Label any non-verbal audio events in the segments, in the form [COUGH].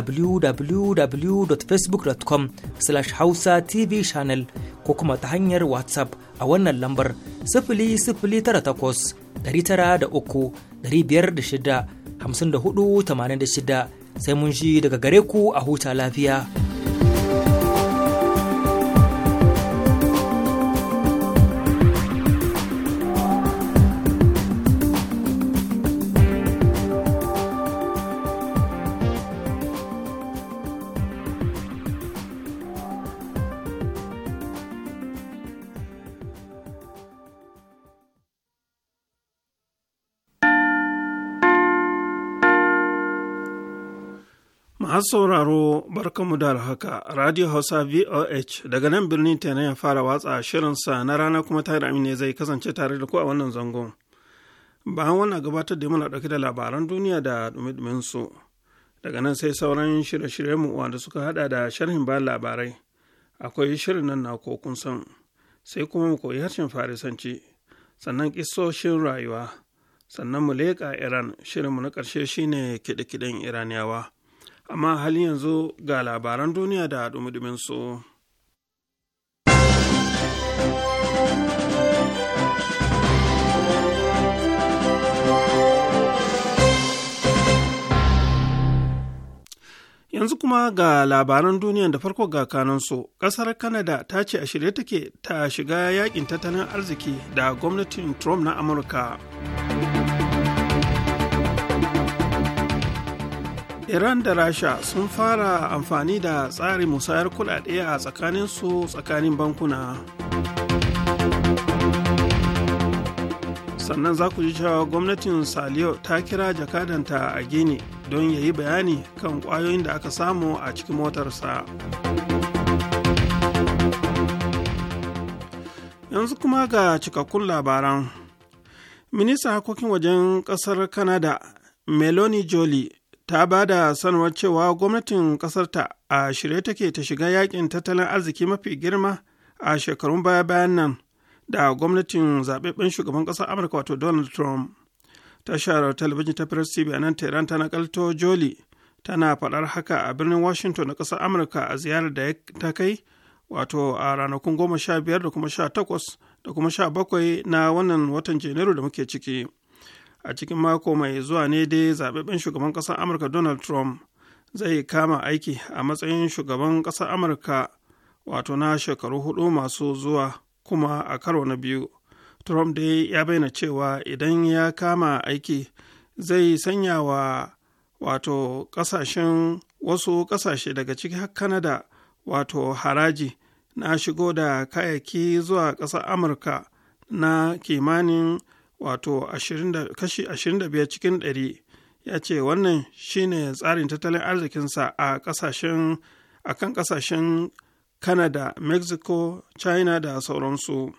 www.facebook.com slash hausa tv channel ko kuma ta hanyar whatsapp a wannan lambar sifili sifili tara takwas ɗari tara da uku ɗari biyar da shida hamsin da shida sai mun shi daga gare ku a huta lafiya. Masu sauraro barkamu da alhaka Radio Hausa VOH daga nan birnin tana ya fara watsa shirinsa na rana kuma tare amine zai kasance tare da ku a wannan zangon. Bayan wannan gabatar da muna dauke da labaran duniya da dumi su daga nan sai sauran shirye-shiryen mu wanda suka hada da sharhin ba labarai. Akwai shirin nan na kokun san sai kuma mu koyi harshen Farisanci sannan kisoshin rayuwa sannan mu leƙa Iran shirin mu na ƙarshe shine kiɗe-kiɗen Iraniyawa. amma halin yanzu ga labaran duniya da dumudumin su. Yanzu kuma ga labaran duniya da farko ga kanansu, ƙasar kanada ta ce a shirye take ta shiga yakin tattalin arziki da gwamnatin Trump na Amurka. iran da rasha sun fara amfani da tsarin musayar kudade a tsakaninsu tsakanin bankuna sannan za ku ji cewa gwamnatin saliyo ta kira jakadanta a gini don ya yi bayani kan kwayoyin da aka samu a cikin motarsa yanzu kuma ga cikakkun labaran ministan harkokin wajen kasar Kanada meloni jolie ta ba da sanarwar cewa gwamnatin ƙasarta a shirye take ta shiga yakin tattalin arziki mafi girma a shekarun baya-bayan nan da gwamnatin zaɓaɓɓen shugaban ƙasar amurka wato donald trump tashar talabijin ta press tv a nan tehran ta nakalto joli tana faɗar haka a birnin washington na ƙasar amurka a ziyarar da ta kai wato a ranakun goma sha biyar da kuma sha takwas da kuma sha bakwai na wannan watan janairu da muke ciki. a cikin mako mai zuwa ne dai zaɓaɓɓen shugaban ƙasar amurka donald trump zai kama aiki a matsayin shugaban ƙasar amurka wato na shekaru hudu masu zuwa kuma a karo na biyu trump dai ya bayyana cewa idan ya kama aiki zai sanya wa wato ƙasashen wasu ƙasashe daga ciki har wato haraji na shigo da kayaki zuwa ƙasar amurka na kimanin wato kashi ashirin da biyar cikin ɗari ya ce wannan shine tsarin tattalin arzikinsa a kasashen kan kasashen kanada mexico china da sauransu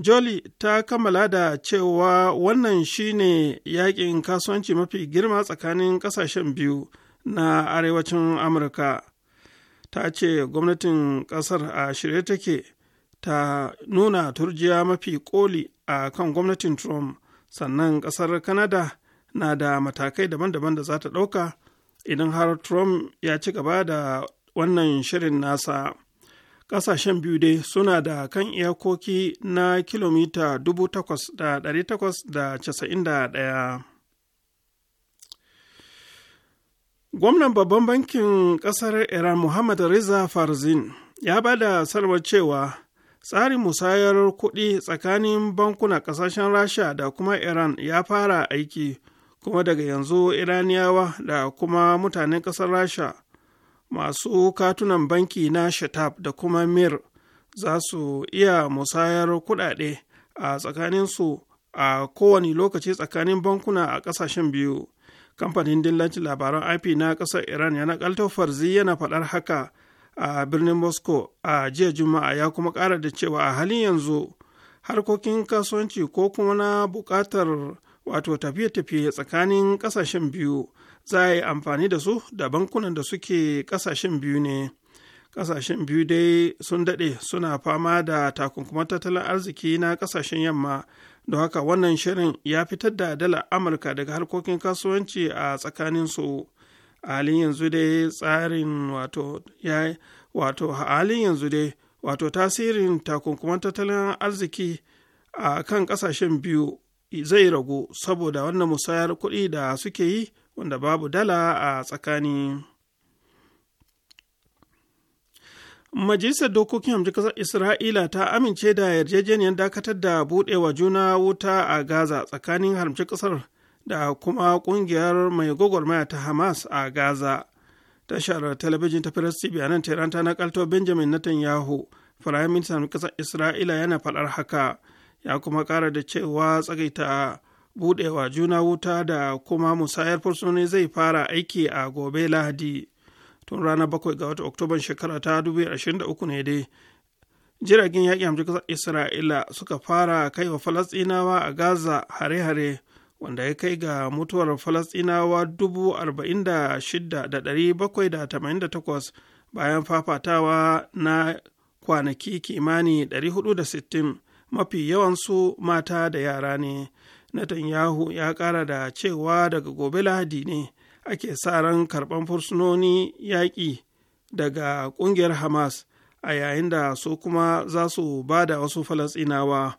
jolly ta kammala da cewa wannan shine yakin kasuwanci mafi girma tsakanin ƙasashen biyu na arewacin amurka ta ce gwamnatin ƙasar a shirye take ta nuna turjiya mafi koli a kan gwamnatin trump sannan ƙasar canada na da matakai daban-daban da za ta ɗauka idan har trump ya ci gaba da wannan shirin nasa ƙasashen biyu dai suna da kan iyakoki na kilomita 8,891 gwamnan babban bankin ƙasar iran muhammad riza farzin ya ba da cewa tsarin musayar kuɗi tsakanin bankuna ƙasashen rasha da kuma iran ya fara aiki kuma daga yanzu iraniyawa da kuma mutanen ƙasar rasha masu katunan banki na Shetab da kuma mir za su iya musayar kuɗaɗe a tsakaninsu a kowane lokaci tsakanin bankuna a ƙasashen biyu kamfanin dillancin labaran ip na ƙasar iran yana ƙaltar farzi yana faɗar haka a birnin moscow a jiya juma'a ya kuma ƙara da cewa a halin yanzu harkokin kasuwanci ko kuma na buƙatar wato tafiye-tafiye tsakanin ƙasashen biyu za a yi amfani da su da bankunan da suke ƙasashen biyu ne ƙasashen biyu dai sun daɗe suna fama da takunkuman tattalin arziki na ƙasashen yamma don haka wannan shirin ya fitar da dala amurka daga harkokin kasuwanci a tsakanin tsakaninsu halin yanzu dai tsarin wato ya wato halin yanzu dai wato tasirin takunkuman tattalin arziki a kan kasashen biyu zai ragu saboda wannan musayar kuɗi da suke yi wanda babu dala a tsakani majalisar dokokin hamji kasar isra'ila ta amince da yarjejeniyar dakatar da buɗewa juna wuta a gaza tsakanin haramci kasar da kuma ƙungiyar mai gwagwarmaya ta Hamas a Gaza. Tashar talabijin ta Firas TV a nan Tehran ta nakalto Benjamin Netanyahu, Firayim Ministan ƙasar Isra'ila yana faɗar haka, ya kuma ƙara da cewa tsagaita buɗewa juna wuta da kuma musayar fursunoni zai fara aiki a gobe Lahadi. Tun ranar bakwai ga wata Oktoban shekara ta 2023 ne dai. Jiragen yaƙi hamsin kasar Isra'ila suka fara kai wa Falasɗinawa a Gaza hare-hare wanda ya kai ga mutuwar falasɗinawa 46,788 bayan fafatawa na kwanaki kimani 460 mafi yawansu mata da yara ne Netanyahu ya kara da cewa daga gobe lahadi ne ake sa ran karɓar fursunoni yaƙi daga ƙungiyar hamas a yayin da su kuma za su ba da wasu Falasinawa,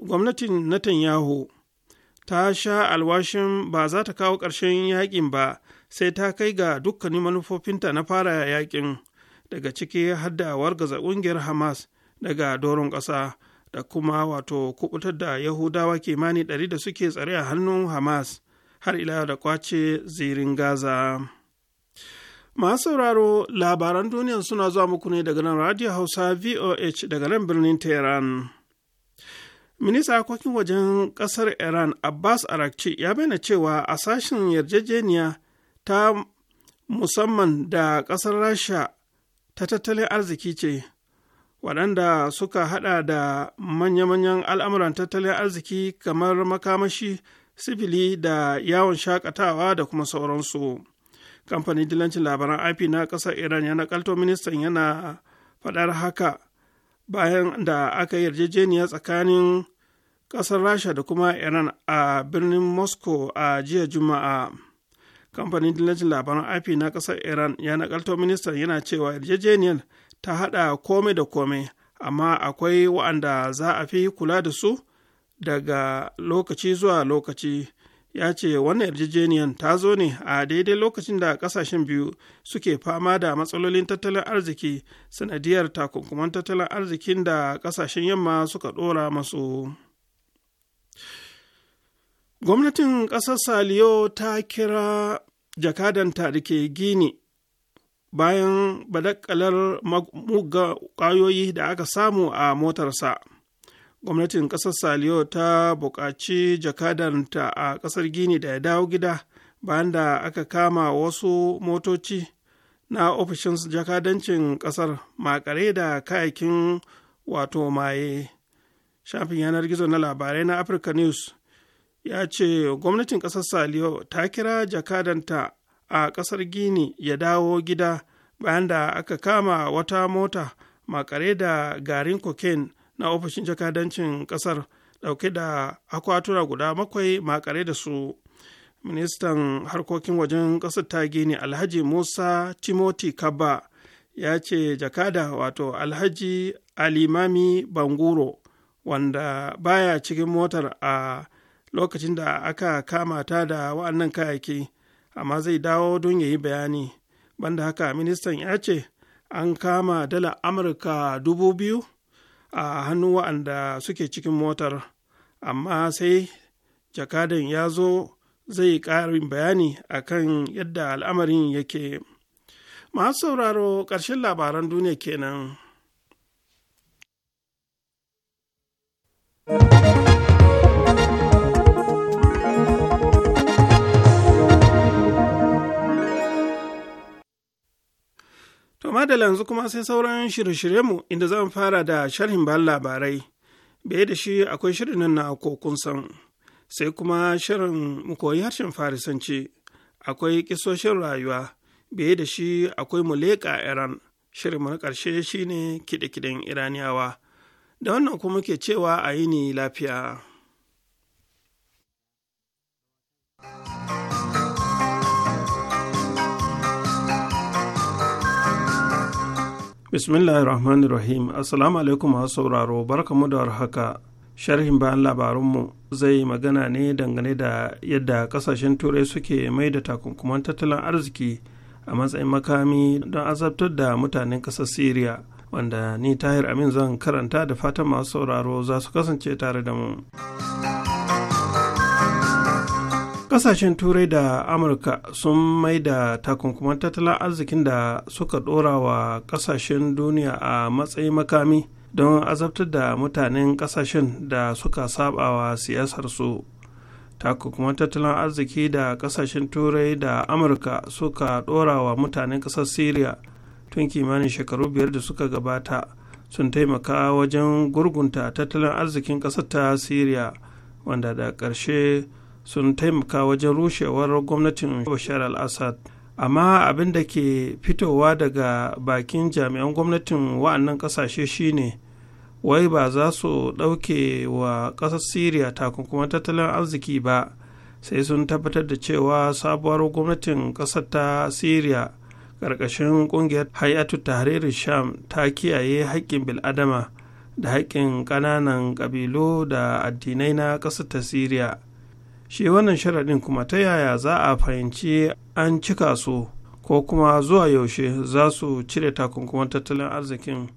gwamnatin netanyahu ta sha alwashin ba za ta kawo ƙarshen yaƙin ba sai ta kai ga dukkanin manufofinta na fara yaƙin daga ciki hadda wargaza ƙungiyar hamas daga doron ƙasa da kuma wato kubutar da yahudawa kimani ɗari da suke tsare a hannun hamas har ila da kwace zirin gaza masu sauraro labaran duniya suna zuwa muku ne daga nan radio hausa voh daga nan birnin tehran Minista harkokin wajen ƙasar Iran Abbas Arakci ya bayyana cewa a sashen yarjejeniya ta musamman da ƙasar Rasha ta tattalin arziki ce, waɗanda suka haɗa da manya-manyan al'amuran tattalin arziki kamar makamashi, sifili da yawon shakatawa da kuma sauransu. Kamfanin dilancin labaran IP na ƙasar Iran ya nakalto ministan yana faɗar haka bayan da aka yi yarjejeniya tsakanin ƙasar rasha da kuma iran a birnin moscow a jiya juma'a kamfanin dillacin labaran afi na ƙasar iran ya nakalto ministan yana cewa yarjejeniyar ta haɗa kome da kome amma akwai wa'anda za a fi kula da su daga lokaci zuwa lokaci ya ce wannan yarjejeniyar ta zo ne a daidai lokacin da kasashen biyu suke fama da matsalolin tattalin arziki sanadiyar takunkuman tattalin arzikin da kasashen yamma suka dora masu gwamnatin ƙasar saliyo ta kira jakadanta da ke gini bayan badakalar muga ƙwayoyi da aka samu a motarsa. gwamnatin ƙasar saliyo ta buƙaci jakadanta a ƙasar gini da ya dawo gida bayan da aka kama wasu motoci na ofishin jakadancin ƙasar makare da kayakin wato maye shafin yanar gizo na labarai na africa news ya ce gwamnatin ƙasar saliyo ta kira jakadanta a ƙasar gini ya dawo gida bayan da aka kama wata mota makare da garin cocaine na ofishin jakadancin ƙasar ɗauke da akwatura guda makwai makare da su ministan harkokin wajen ƙasar ta gini alhaji musa timoti kaba ya ce jakada wato alhaji alimami banguro wanda baya cikin motar a lokacin da aka kama ta da wa'annan kayaki amma zai dawo don ya yi bayani banda haka ministan ya ce an kama dala amurka dubu biyu a hannun waɗanda suke cikin motar amma sai jakadan ya zo zai ƙarin bayani akan yadda al'amarin yake masu sauraro ƙarshen labaran duniya kenan. To da yanzu kuma sai sauran shirye mu inda zan fara da sharhin bayan labarai. Bai da shi akwai shirin nan na kokun san. Sai kuma shirin mu koyi harshen Farisanci. Akwai kisoshin rayuwa. Bai da shi akwai mu leƙa Iran. Shirin mu na ƙarshe shine kiɗe-kiɗen Iraniyawa. Da wannan kuma ke cewa a yi ni lafiya. bismillahir rahmanir rahim assalamu alaikum masu sauraro barkamu da haka sharhin bayan labarunmu zai magana ne dangane da yadda kasashen turai suke mai da takunkuman tattalin arziki a matsayin makami don azabtar da mutanen ƙasar syria wanda ni tahir amin zan karanta da fatan masu sauraro za su kasance tare da mu. kasashen turai da amurka sun maida takunkuman tattalin arzikin da suka dora wa kasashen duniya a matsayin makami don azabtar da mutanen kasashen da suka saba wa siyasarsu takunkuman tattalin arziki da kasashen turai da amurka suka dora wa mutanen kasar syria tun kimanin shekaru biyar da suka gabata sun taimaka wajen gurgunta tattalin arzikin kasar ta syria wanda da ƙarshe sun taimaka wajen rushewar gwamnatin bashar al-assad amma abin da ke fitowa daga bakin jami'an gwamnatin wa'annan kasashe shine wai ba za su ɗauke wa ƙasar syria takunkuman tattalin arziki ba sai sun tabbatar da cewa sabuwar gwamnatin ƙasar ta syria ƙarƙashin ƙungiyar hayatu tahririn sham ta kiyaye haƙƙin bil'adama da haƙƙin ƙananan ƙabilu da addinai na ƙasar ta syria shi wannan sharaɗin kuma ta yaya za a fahimci an cika su ko kuma zuwa yaushe za su cire takunkuman tattalin arzikin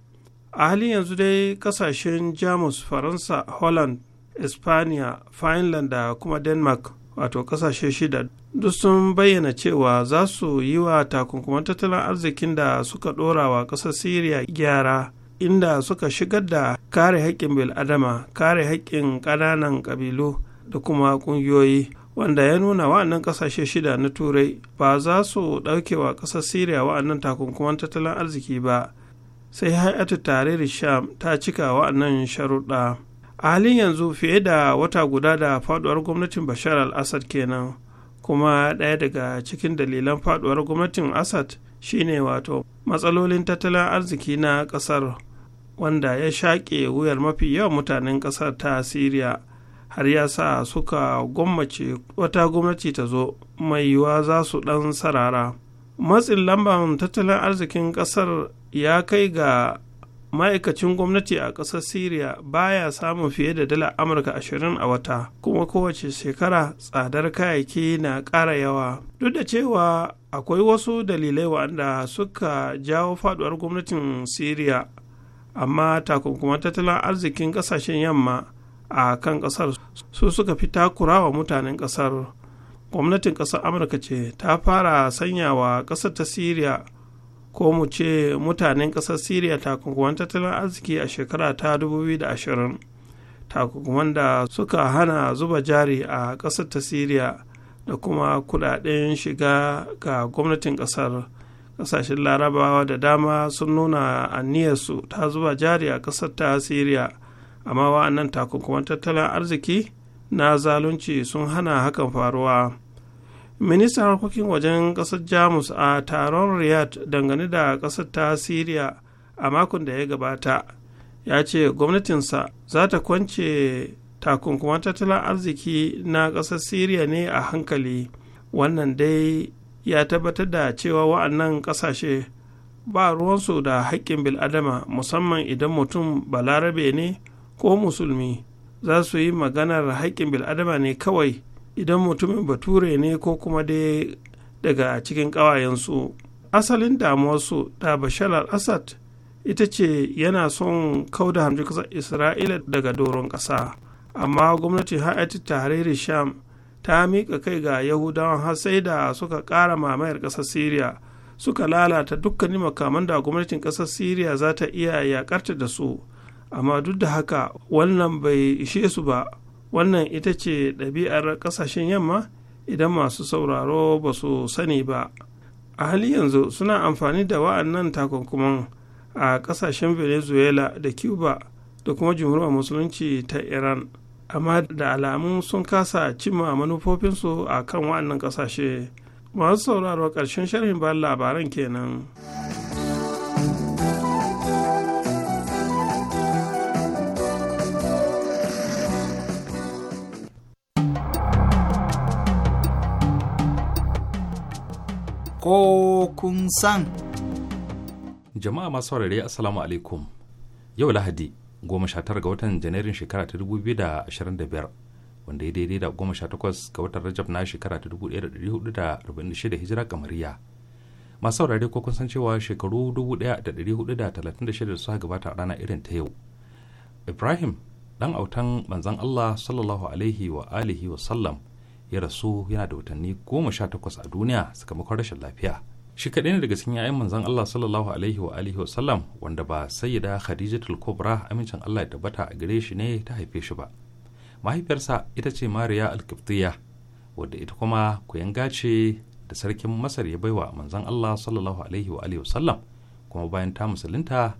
a halin yanzu dai kasashen jamus faransa holland espanya finland da kuma denmark wato kasashe shida duk sun bayyana cewa za su yi wa takunkuman tattalin arzikin da suka ɗora wa ƙasar syria gyara inda suka shigar da kare haƙƙin bil'adama kare haƙƙin ƙananan ƙabilu da kuma ƙungiyoyi wanda ya nuna wa'annan ƙasashe shida na turai ba za su ɗaukewa ƙasar siriya wa'annan takunkuman tattalin arziki ba sai hayatu da sham ta cika wa'annan sharuɗa a halin yanzu fiye da wata guda da faduwar gwamnatin bashar al-assad kenan kuma ɗaya daga cikin dalilan faduwar gwamnatin assad shine wato matsalolin tattalin arziki na ƙasar wanda ya shaƙe wuyar mafi yawan mutanen ƙasar ta siriya har ya sa suka gwammace wata gwamnati ta zo mai yiwuwa za su ɗan sarara matsin lamban tattalin arzikin ƙasar ya kai ga ma'aikacin gwamnati a ƙasar siriya baya samun fiye da dala amurka 20 a wata kuma kowace shekara tsadar kayayyaki na ƙara yawa duk da cewa akwai wasu dalilai waɗanda suka jawo faɗuwar gwamnatin siriya amma takunkuma tattalin arzikin ƙasashen yamma a kan ƙasar su suka fi takura takurawa mutanen ƙasar gwamnatin ƙasar amurka ce ta fara sanya wa ƙasar ta siriya ko mu ce mutanen ƙasar siriya takunkuman tattalin arziki a shekara ta 2020 takunkuman da suka hana zuba jari a ƙasar ta siriya da kuma kudaden shiga ga gwamnatin ƙasar kasashen larabawa da dama sun nuna aniyarsu ta zuba jari a ƙasar ta siriya amma wa'annan takunkuman tattalin arziki na zalunci sun hana hakan faruwa ministan harkokin wajen ƙasar jamus a taron riyadh dangane da ƙasar ta siriya a makon da ya gabata ya ce gwamnatinsa za ta kwance takunkuman tattalin arziki na ƙasar siriya ne a hankali wannan dai ya tabbatar da cewa wa'annan ƙasashe ba ruwansu da haƙƙin bil'adama musamman idan mutum balarabe ne ko musulmi za su yi maganar haƙƙin bil'adama ne kawai idan mutumin bature ne ko kuma dai daga cikin ƙawayensu asalin damuwarsu da bashar al ita ce yana son kauda hamji isra'ila daga doron ƙasa amma gwamnatin hayati tahariri sham ta miƙa kai ga yahudawan har sai da suka ƙara mamayar ƙasar syria suka lalata dukkanin makaman da gwamnatin ƙasar syria za ta iya yaƙarta da su amma duk da haka wannan bai ishe su ba wannan ita ce ɗabi'ar ƙasashen yamma idan masu sauraro ba su sani ba a hali yanzu suna amfani da wa'annan takunkuman a ƙasashen venezuela da cuba da kuma jimurwar musulunci ta iran amma da alamun sun kasa cimma manufofinsu a kan wa'annan ƙasashe masu sauraro ƙarshen sharhin ba labaran kenan. ko kun san. Jama'a masu saurare Assalamu alaikum. Yau Lahadi, goma sha tara ga watan Janairun shekara ta dubu biyu da ashirin da biyar, wanda ya daidai da goma sha takwas ga watan Rajab na shekara ta dubu ɗaya da ɗari hudu da arba'in da shida hijira kamariya. Masu saurare ko kun san cewa shekaru dubu ɗaya da ɗari hudu da talatin da shida suka gabata a rana irin ta yau. Ibrahim, ɗan autan manzon Allah sallallahu alaihi wa alihi wa sallam, ya rasu yana da watanni goma sha takwas a duniya sakamakon rashin lafiya shi kaɗai ne daga cikin 'ya'yan manzon Allah sallallahu alaihi wa alihi wa sallam wanda ba sayyida Khadijatul Kubra amincin Allah ya tabbata a gare shi ne ta haife shi ba mahaifiyarsa ita ce Mariya Al-Qibtiyya wadda ita kuma kuyanga ce da sarkin Masar ya baiwa manzon Allah sallallahu alaihi wa alihi wa sallam kuma bayan ta musulunta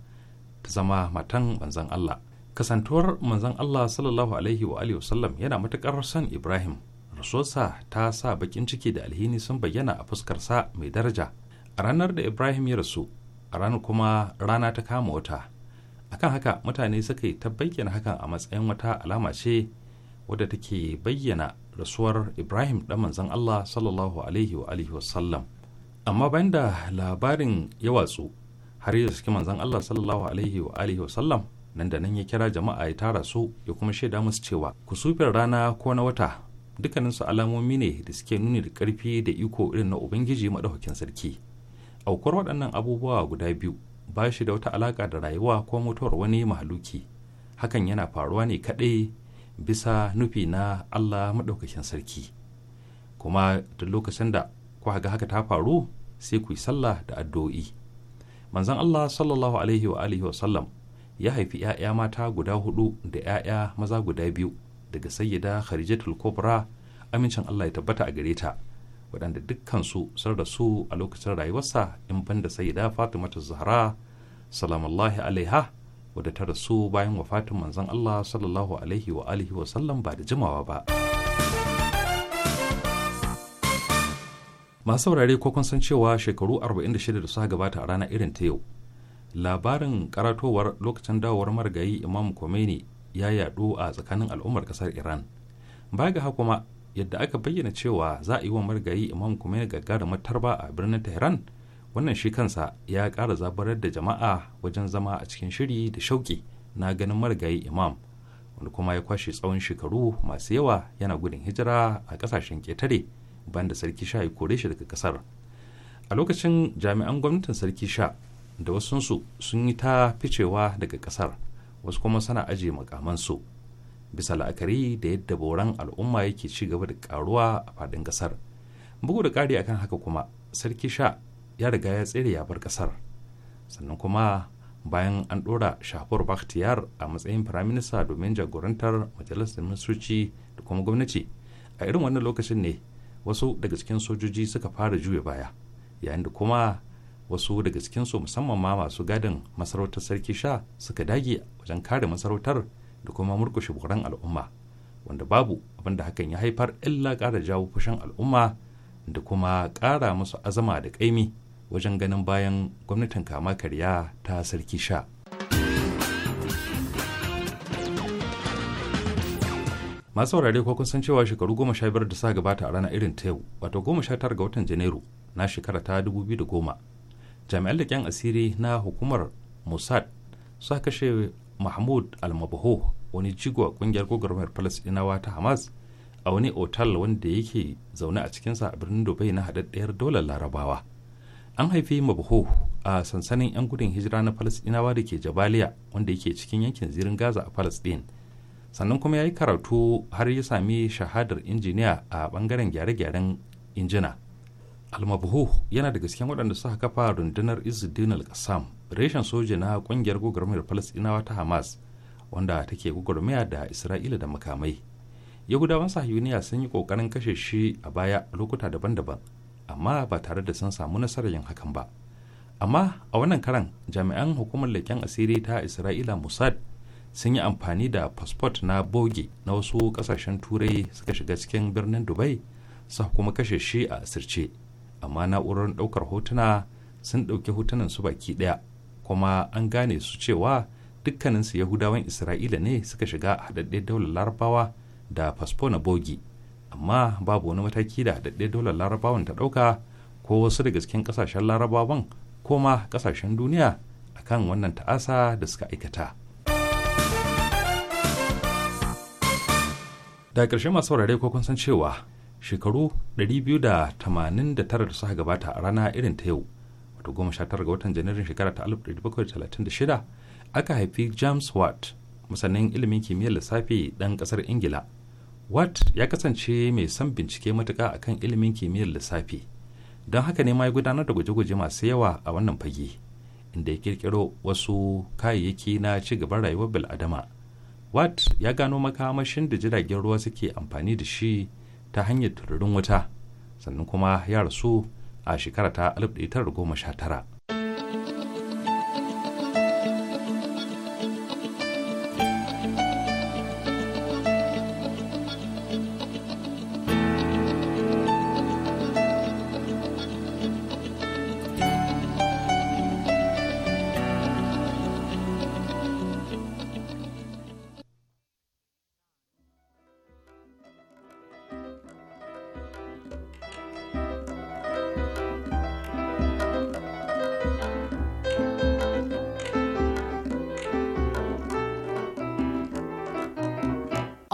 ta zama matan manzon Allah kasantuwar manzon Allah sallallahu alaihi wa alihi wa sallam yana matuƙar son Ibrahim rasuwarsa ta sa bakin ciki da alhini sun bayyana a fuskarsa mai daraja a ranar da ibrahim ya rasu a ranar kuma rana ta kama wata akan haka mutane suka yi ta bayyana hakan a matsayin wata alama ce wadda take bayyana rasuwar ibrahim ɗan manzon allah sallallahu alaihi wa alihi wasallam amma bayan da labarin ya watsu har ya suke manzon allah sallallahu alaihi wa alihi wasallam nan da nan ya kira jama'a ya tara su ya kuma shaida musu cewa kusufin rana ko na wata dukkaninsu alamomi ne da suke nuni da ƙarfi da iko irin na ubangiji maɗaukakin sarki aukuwar waɗannan abubuwa guda biyu ba shi da wata alaƙa da rayuwa ko mutuwar wani mahaluki hakan yana faruwa ne kaɗai bisa nufi na allah maɗaukakin sarki kuma da lokacin da ku ga haka ta faru sai ku yi sallah da addu'o'i manzon allah sallallahu alaihi wa wa sallam ya haifi 'ya'ya mata guda hudu da 'ya'ya maza guda biyu daga sayyida khadijatul kubra amincin allah ya tabbata a gare ta waɗanda dukkansu sun rasu a lokacin rayuwarsa in banda sayyida fatimatu zahra salamullahi alaiha wadda ta rasu bayan wafatin manzon allah sallallahu alaihi wa alihi wa sallam ba da jimawa ba masu saurare ko kun san cewa shekaru 46 da suka gabata a rana irin ta yau labarin karatowar lokacin dawowar marigayi imam Khomeini ya yaɗu a tsakanin al'ummar ƙasar iran baya ga haka kuma yadda aka bayyana cewa za a yi wa marigayi imam kuma ya gaggara matarba a birnin tehran wannan shi kansa ya ƙara zabarar da jama'a wajen zama a cikin shiri da shauƙi na ganin marigayi imam wanda kuma ya kwashe tsawon shekaru masu yawa yana gudun hijira a ƙasashen ƙetare bayan da sarki sha ya kore shi daga ƙasar a lokacin jami'an gwamnatin sarki sha da wasunsu sun yi ta ficewa daga ƙasar wasu kuma suna ajiye su bisa la'akari da yadda boran al'umma yake ci gaba da karuwa a fadin ƙasar bugu da ƙari akan haka kuma sarki sha ya riga ya tsere ya bar ƙasar sannan kuma bayan an ɗora shafur bakhtiyar a matsayin firaminista domin jagorantar majalisar ministoci da kuma gwamnati a irin wannan lokacin ne wasu daga cikin sojoji suka fara juya baya yayin da kuma wasu daga cikinsu musamman ma masu gadin masarautar sarki sha suka dage wajen kare masarautar da kuma murkushe boran al'umma wanda babu abin da hakan ya haifar illa ƙara jawo fushin al'umma da kuma ƙara musu azama da kaimi wajen ganin bayan gwamnatin kama karya ta sarki sha. masu saurare ko kun san cewa shekaru goma sha biyar da sa gabata a ranar irin ta yau wato goma sha tara ga watan janairu na shekara ta dubu biyu da goma jami'an kyan asiri na hukumar mossad suka kashe mahmud almabaho wani jigo a ƙungiyar gwagwarmayar palestinawa ta hamas a wani otal wanda yake zaune a cikinsa a birnin dubai na haɗaɗɗiyar dolar larabawa an haifi mabaho a sansanin 'yan gudun hijira na palestinawa da ke jabaliya wanda yake cikin yankin zirin gaza a palestine sannan kuma ya yi karatu har ya sami shahadar injiniya a bangaren gyare-gyaren injina almabuhu yana daga cikin waɗanda suka kafa rundunar izuddin al-qassam reshen soja na ƙungiyar gwagwarmayar falastinawa ta hamas wanda take gwagwarmaya da isra'ila da makamai yahudawan sahiyuniya sun yi ƙoƙarin kashe shi a baya lokuta daban-daban amma ba tare da sun samu nasarar yin hakan ba amma a wannan karan jami'an hukumar leƙen asiri ta isra'ila musad sun yi amfani da fasfot na boge na wasu ƙasashen turai suka shiga cikin birnin dubai sa kuma kashe shi a asirce amma na'urar ɗaukar hotuna sun ɗauki hotunan su baki ɗaya kuma an gane su cewa dukkaninsu yahudawan isra'ila ne suka shiga haɗaɗɗen daular larabawa da fasfo na bogi amma babu wani mataki da haɗaɗɗen daular larabawan ta ɗauka ko wasu daga cikin ƙasashen larabawan ko ma ƙasashen duniya akan wannan ta'asa da suka aikata. da ƙarshe masu saurare ko kun san cewa shekaru 289 da suka gabata a rana irin ta yau wato 19 ga watan janairun shekara ta 1736 aka haifi james watt masanin ilimin kimiyyar lissafi ɗan ƙasar ingila watt ya kasance mai son bincike matuƙa akan ilimin kimiyyar lissafi don haka ne ma ya gudanar da guje-guje masu yawa a wannan fage inda ya kirkiro wasu kayayyaki na ci gaban rayuwar bil'adama watt ya gano makamashin da jiragen ruwa suke amfani da shi ta hanyar tururin wuta sannan kuma ya rasu a shekara ta 1919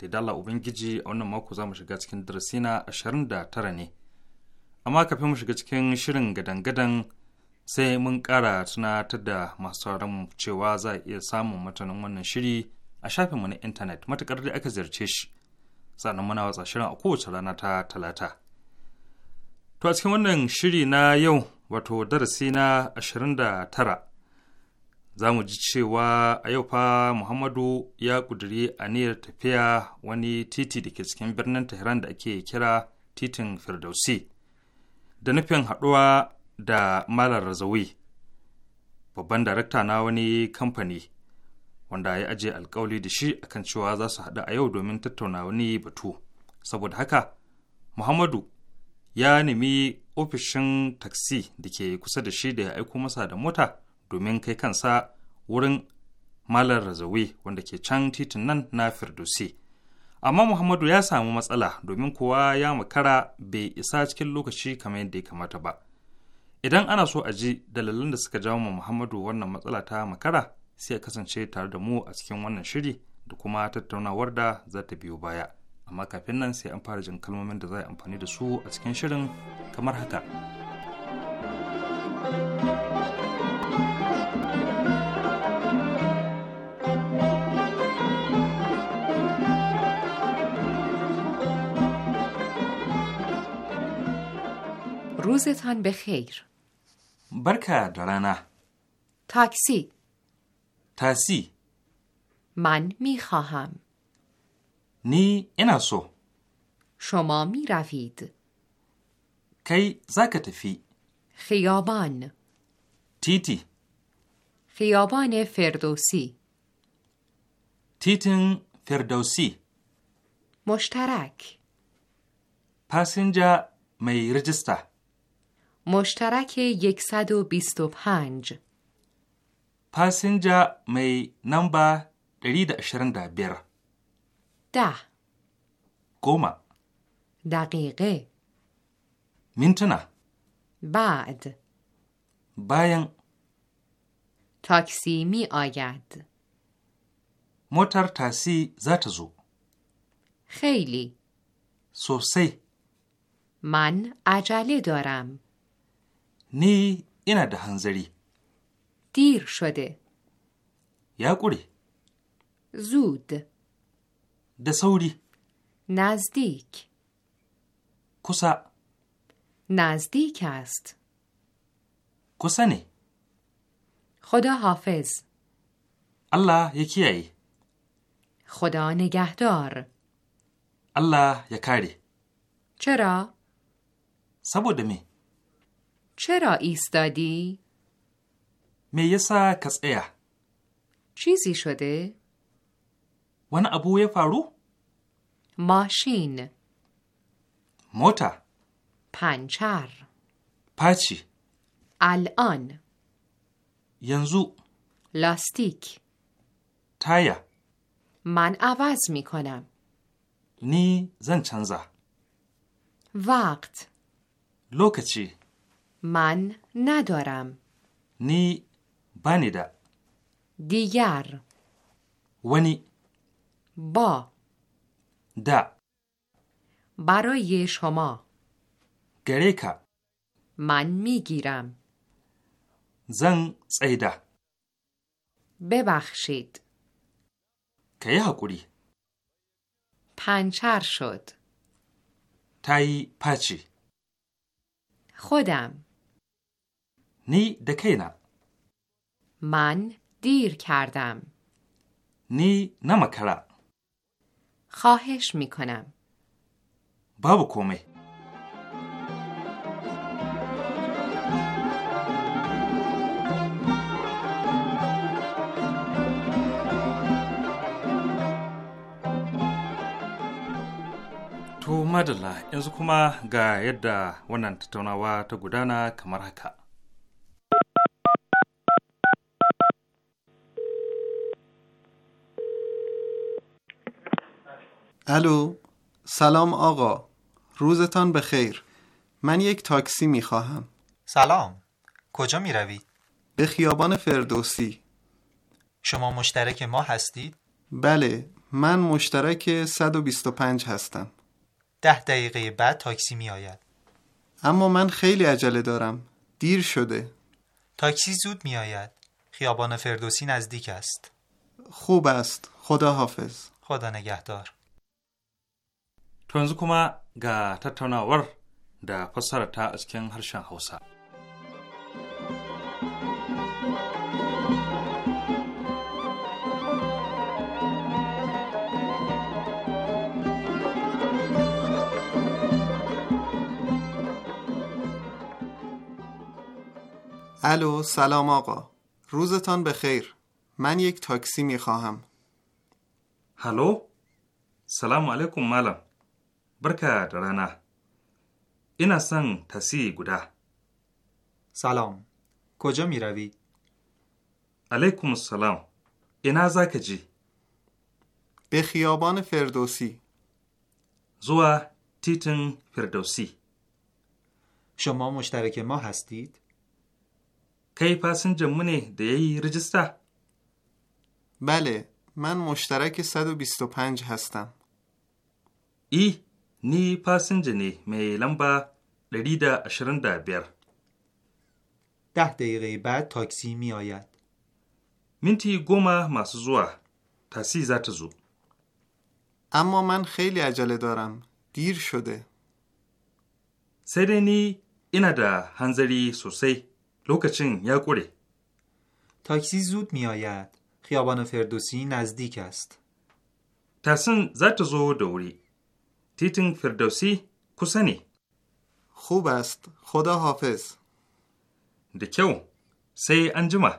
da dala ubangiji a wannan mako za mu shiga cikin darasi na 29 ne amma kafin mu shiga cikin shirin gadan-gadan sai mun kara tunatar da masu mu cewa za a iya samun matanin wannan shiri a mu na intanet matukar da aka ziyarce shi sannan muna watsa shirin a kowace rana ta talata to a cikin wannan shiri na yau wato darasi na tara. za mu ji cewa a yau fa muhammadu ya ƙudiri aniyar tafiya wani titi da ke cikin birnin tehran da ake kira titin firdausi da nufin haɗuwa da malar razawi babban darakta na wani kamfani wanda ya ajiye alkawali da shi akan cewa za su haɗu a yau domin tattauna wani batu saboda haka muhammadu ya nemi ofishin taksi da ke kusa da shi da ya aiko masa da mota domin kai kansa wurin Malam Razawi wanda ke can titin nan na Firdausi. Amma Muhammadu ya samu matsala domin kowa ya makara bai isa cikin lokaci kamar yadda ya kamata ba. Idan ana so a ji dalilan da suka jawo Muhammadu wannan matsala ta makara sai a kasance tare da mu a cikin wannan shiri da kuma tattaunawar da za ta biyo baya. Amma kafin nan sai an fara jin kalmomin da za a amfani da su a cikin shirin kamar haka. thank you روزتان به خیر برکه رانه تاکسی تاسی من میخواهم نی اناسو شما می روید کی زکت فی خیابان تیتی خیابان فردوسی تیتن فردوسی مشترک پسنجا می رجسته مشترک 125 پاسنجا می نمبر 125 ده گوما دقیقه منتنا بعد باین تاکسی می آید موتر تاسی زات زو خیلی سوسی من عجله دارم نی اینا ده هنزری دیر شده یا قوری زود ده سوری نزدیک کسا نزدیک است کسانی خدا حافظ الله یکی خدا نگهدار الله یکاری چرا؟ سبودمی چرا ایستادی؟ می کس ایا چیزی شده؟ ون ابو فارو؟ ماشین موتا پنچر پچی الان ینزو لاستیک تایا من عوض می کنم نی زن چنزا وقت لوکچی من ندارم نی بنیده. دیگر ونی با دا برای شما گریکا من میگیرم زن سیده ببخشید کیا حقوری پنچر شد تای پچی خودم نی دکینا من دیر کردم نی نمکرا خواهش میکنم بابو کومه To madalla yanzu kuma ga yadda wannan tattaunawa ta gudana kamar haka. الو سلام آقا روزتان به خیر. من یک تاکسی می خواهم سلام کجا می روید؟ به خیابان فردوسی شما مشترک ما هستید؟ بله من مشترک 125 هستم ده دقیقه بعد تاکسی می آید اما من خیلی عجله دارم دیر شده تاکسی زود می آید خیابان فردوسی نزدیک است خوب است خدا حافظ خدا نگهدار To yanzu kuma ga tattaunawar da fassara ta a cikin harshen Hausa. الو سلام آقا روزتان به خیر من یک تاکسی می خواهم هلو سلام علیکم ملم برکه در رانه اینا سن تسی گوده سلام کجا می روی؟ علیکم السلام اینا زکجی به خیابان فردوسی زوا تیتن فردوسی شما مشترک ما هستید؟ کی پاسن منی ده یی رجسته؟ بله من مشترک 125 هستم ای نی پاسنجه نه می لمبا 125 ده دقیقه بعد تاکسی می آید منتی گوما ماسو زوا تاسی زات زو اما من خیلی عجله دارم دیر شده سرنی اینا دا هنزری سوسی لوکچین یا تاکسی زود می آید خیابان فردوسی نزدیک است تاسن زات زو دوری titin firdausi kusa ne. خوب است. خدا حافظ. da kyau sai an jima.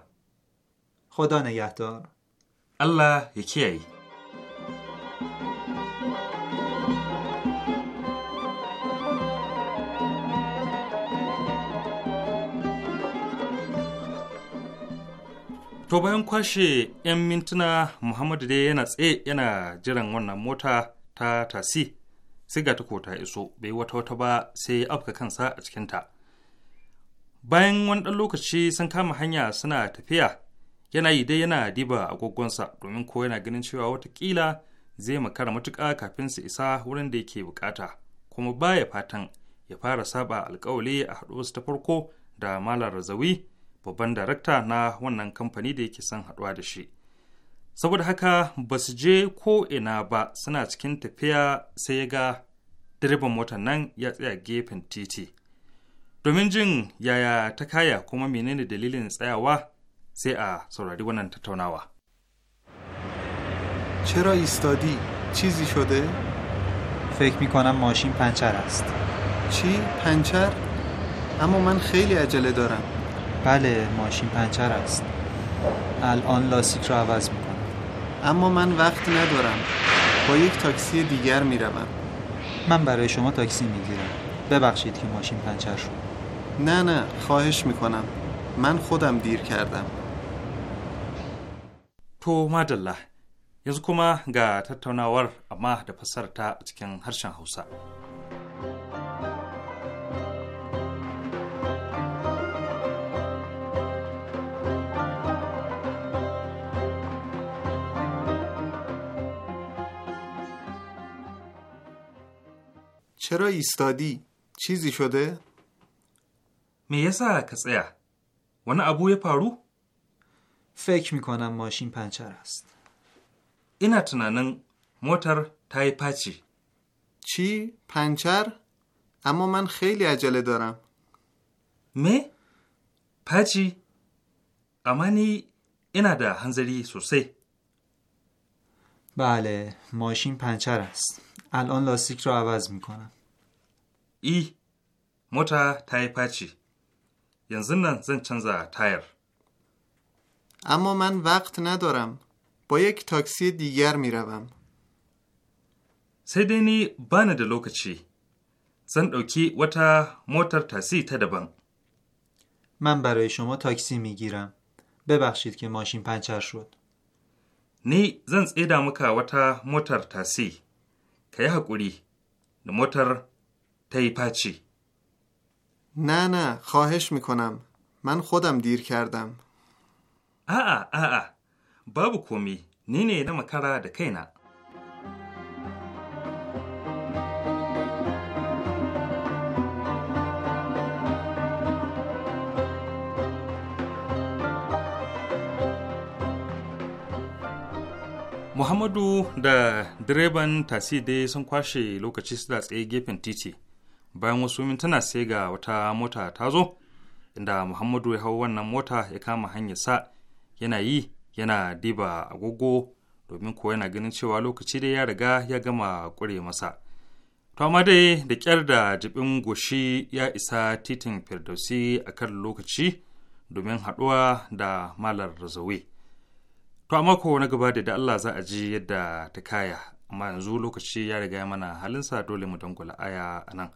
خدا نگهدار. Allah ya kiyaye. To bayan kwashe 'yan mintuna Muhammadu dai yana tsaye yana jiran wannan mota ta tasi sai ga tako ta iso bai wata wata ba sai ya afka kansa a cikinta bayan wani ɗan lokaci sun kama hanya suna tafiya yana yi dai yana diba agogonsa domin ko yana ganin cewa watakila zai makara matuƙa kafin su isa wurin da yake bukata kuma baya fatan ya fara saba alkawali a haɗuwarsu ta farko da malar razawi babban darakta na wannan kamfani da yake son haɗuwa da shi saboda haka ba su je ko ina ba suna cikin tafiya sai ya ga direban motar nan ya tsaya gefen titi domin jin yaya ta kaya kuma menene dalilin tsayawa sai a saurari wannan tattaunawa چرا ایستادی؟ چیزی شده؟ فکر می کنم ماشین پنچر است چی؟ پنچر؟ اما من خیلی عجله دارم بله ماشین پنچر است الان لاستیک را عوض می اما من وقت ندارم با یک تاکسی دیگر میروم من برای شما تاکسی میگیرم ببخشید که ماشین پنچر شد نه نه خواهش میکنم من خودم دیر کردم تو مدله یز گا گا اما اما پسر پسر چیکن هرشان harshen چرا ایستادی؟ چیزی شده؟ میسا کسیا ابو ابوی پارو؟ فکر میکنم ماشین پنچر است اینا تنانن موتر تای پچی چی؟ پنچر؟ اما من خیلی عجله دارم می؟ پچی اما نی اینا ده هنزری سوسی بله ماشین پنچر است الان لاستیک رو عوض میکنم E, mota ta yi faci yanzu nan zan canza tayar اما man وقت ندارم با یک تاکسی دیگر می sai dai ni bani da lokaci zan ɗauki wata motar tasi ta daban من برای شما تاکسی می ببخشید که ماشین پنچر شد ni zan tseda maka wata motar tasi ka yi haƙuri da motar پیپچی نه نه خواهش میکنم من خودم دیر کردم آه آه آه بابو کمی نینه نما کرا ده کینا Muhammadu da direban tasi dai sun kwashe lokaci suna tsaye gefen titi bayan wasu mintuna sai ga wata mota ta zo inda muhammadu ya hau wannan mota ya kama hanyarsa yana yi yana diba agogo domin kuwa yana ganin cewa lokaci dai ya riga ya gama ƙure masa to amma dai da kyar da jibin goshi ya isa titin firdausi a kan lokaci domin haɗuwa da malar zawe to amma ko na gaba da allah za a ji yadda ta kaya amma yanzu lokaci ya riga mana halinsa dole mu dangula aya a nan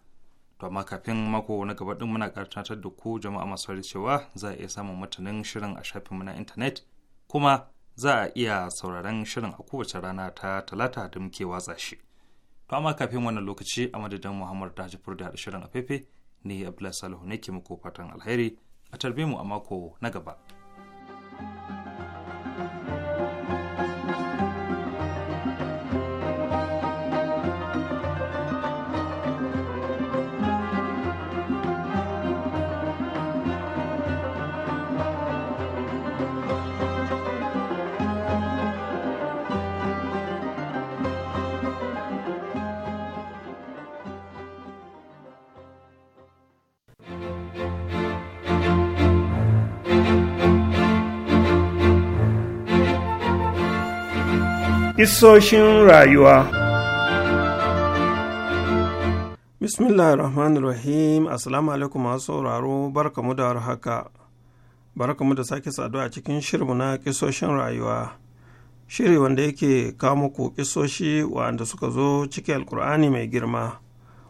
to amma kafin mako na gaba din muna karatatar da ku jama'a masu cewa za a iya samun mutanen shirin a shafinmu na intanet kuma za a iya sauraron shirin a kowace rana ta talata da muke watsa shi to amma kafin wannan lokaci a madadin muhammad da jifur da shirin a fefe ne abdullahi salihu ne ke muku fatan alheri a tarbe mu a mako na gaba. Isoshin rayuwa Bismillahir Rahmanir Rahim Assalamu alaikum masu sauraro barkamu da haka barkamu da sake saduwa a cikin shirmu na kisoshin rayuwa shiri wanda yake kawo muku kisoshi wanda suka zo cikin alkur'ani mai girma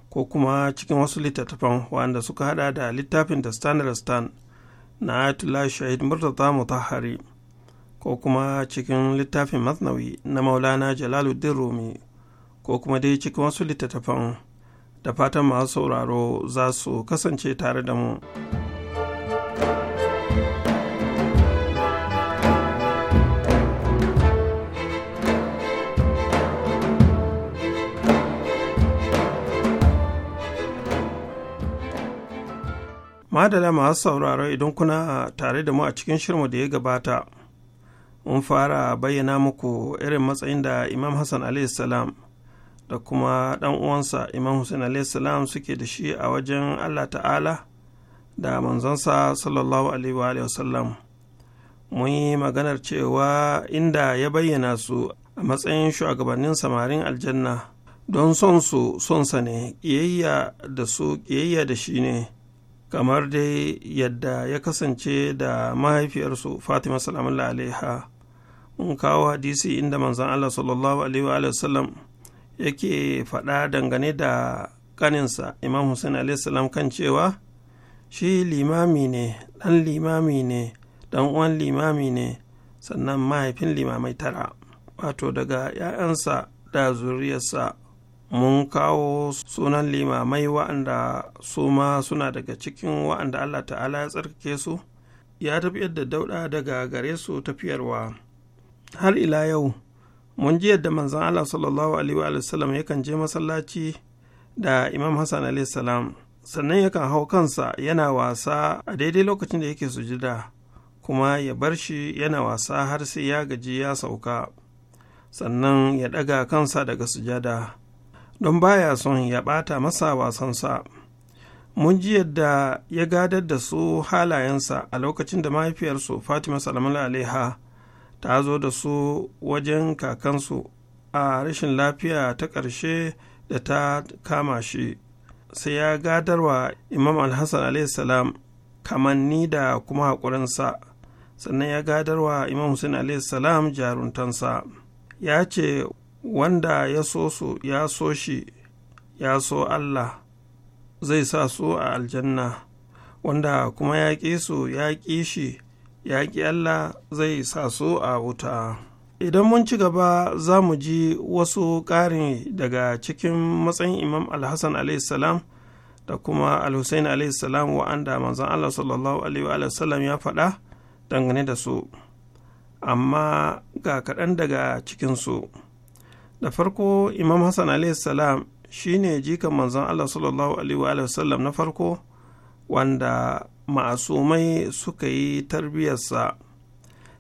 ko kuma cikin wasu littattafan wanda suka hada da littafin da standard stand na Atula Shahid Murtaza Mutahari ko kuma cikin littafin masnawi na maulana jalaluddin rumi ko kuma dai cikin wasu littattafan da fatan masu sauraro za su kasance tare da mu. Madala masu sauraro idan kuna tare da mu a cikin shirmu da ya gabata. mun fara bayyana muku irin matsayin da imam hassan salam da kuma ɗan uwansa imam hussein salam suke da shi a wajen allah ta'ala da manzansa sallallahu alaihi wasallam mun yi maganar cewa inda ya bayyana su a matsayin shugabannin samarin aljanna don son su sonsa ne ƙiyayya da su ƙiyayya da shi ne kamar dai yadda ya kasance da mahaifiyarsu fatima salamullah alaiha mun kawo hadisi inda manzan allah sallallahu alaihi wa sallam yake faɗa dangane da ƙaninsa imam hussein alaihi kan cewa shi limami ne ɗan limami ne ɗan uwan limami ne sannan mahaifin limamai tara wato daga ‘ya'yansa da zuriyarsa mun kawo sunan limamai wa'anda su ma suna daga cikin wa'anda Allah ta'ala ya tsarkake su ya tafiyar da Dauda daga gare su tafiyarwa har ila yau mun ji yadda manzan Allah sallallahu alaihi wa sallam yakan je masallaci da Imam Hassan alaihi salam sannan yakan hau kansa yana wasa a daidai lokacin da yake sujida kuma ya bar shi yana wasa har sai ya gaji ya sauka sannan ya ɗaga kansa daga sujada don baya son ya ɓata masa wasansa mun ji yadda ya gadar da su halayensa a lokacin da mahaifiyarsu fatima salamun alaiha ta zo da su wajen kakansu a rashin lafiya ta ƙarshe da ta kama shi sai ya gadarwa imam alhassan salam kamanni da kuma haƙurinsa sannan ya gadarwa imam hussein salam jaruntansa ya ce wanda ya so su ya so shi ya so Allah zai sa su a aljanna wanda kuma ya ƙi su ya ƙi shi ya ƙi Allah zai sa su a wuta idan mun ci gaba za mu ji wasu ƙarin daga cikin matsayin imam alhassan salam da kuma alhussein salam wa'anda manzan Allah sallallahu alaihi ya faɗa dangane da su amma ga kaɗan daga cikinsu. da farko imam hassan salam ne jikan manzon allah sallallahu alaihi sallam na farko wanda ma'asumai suka yi tarbiyarsa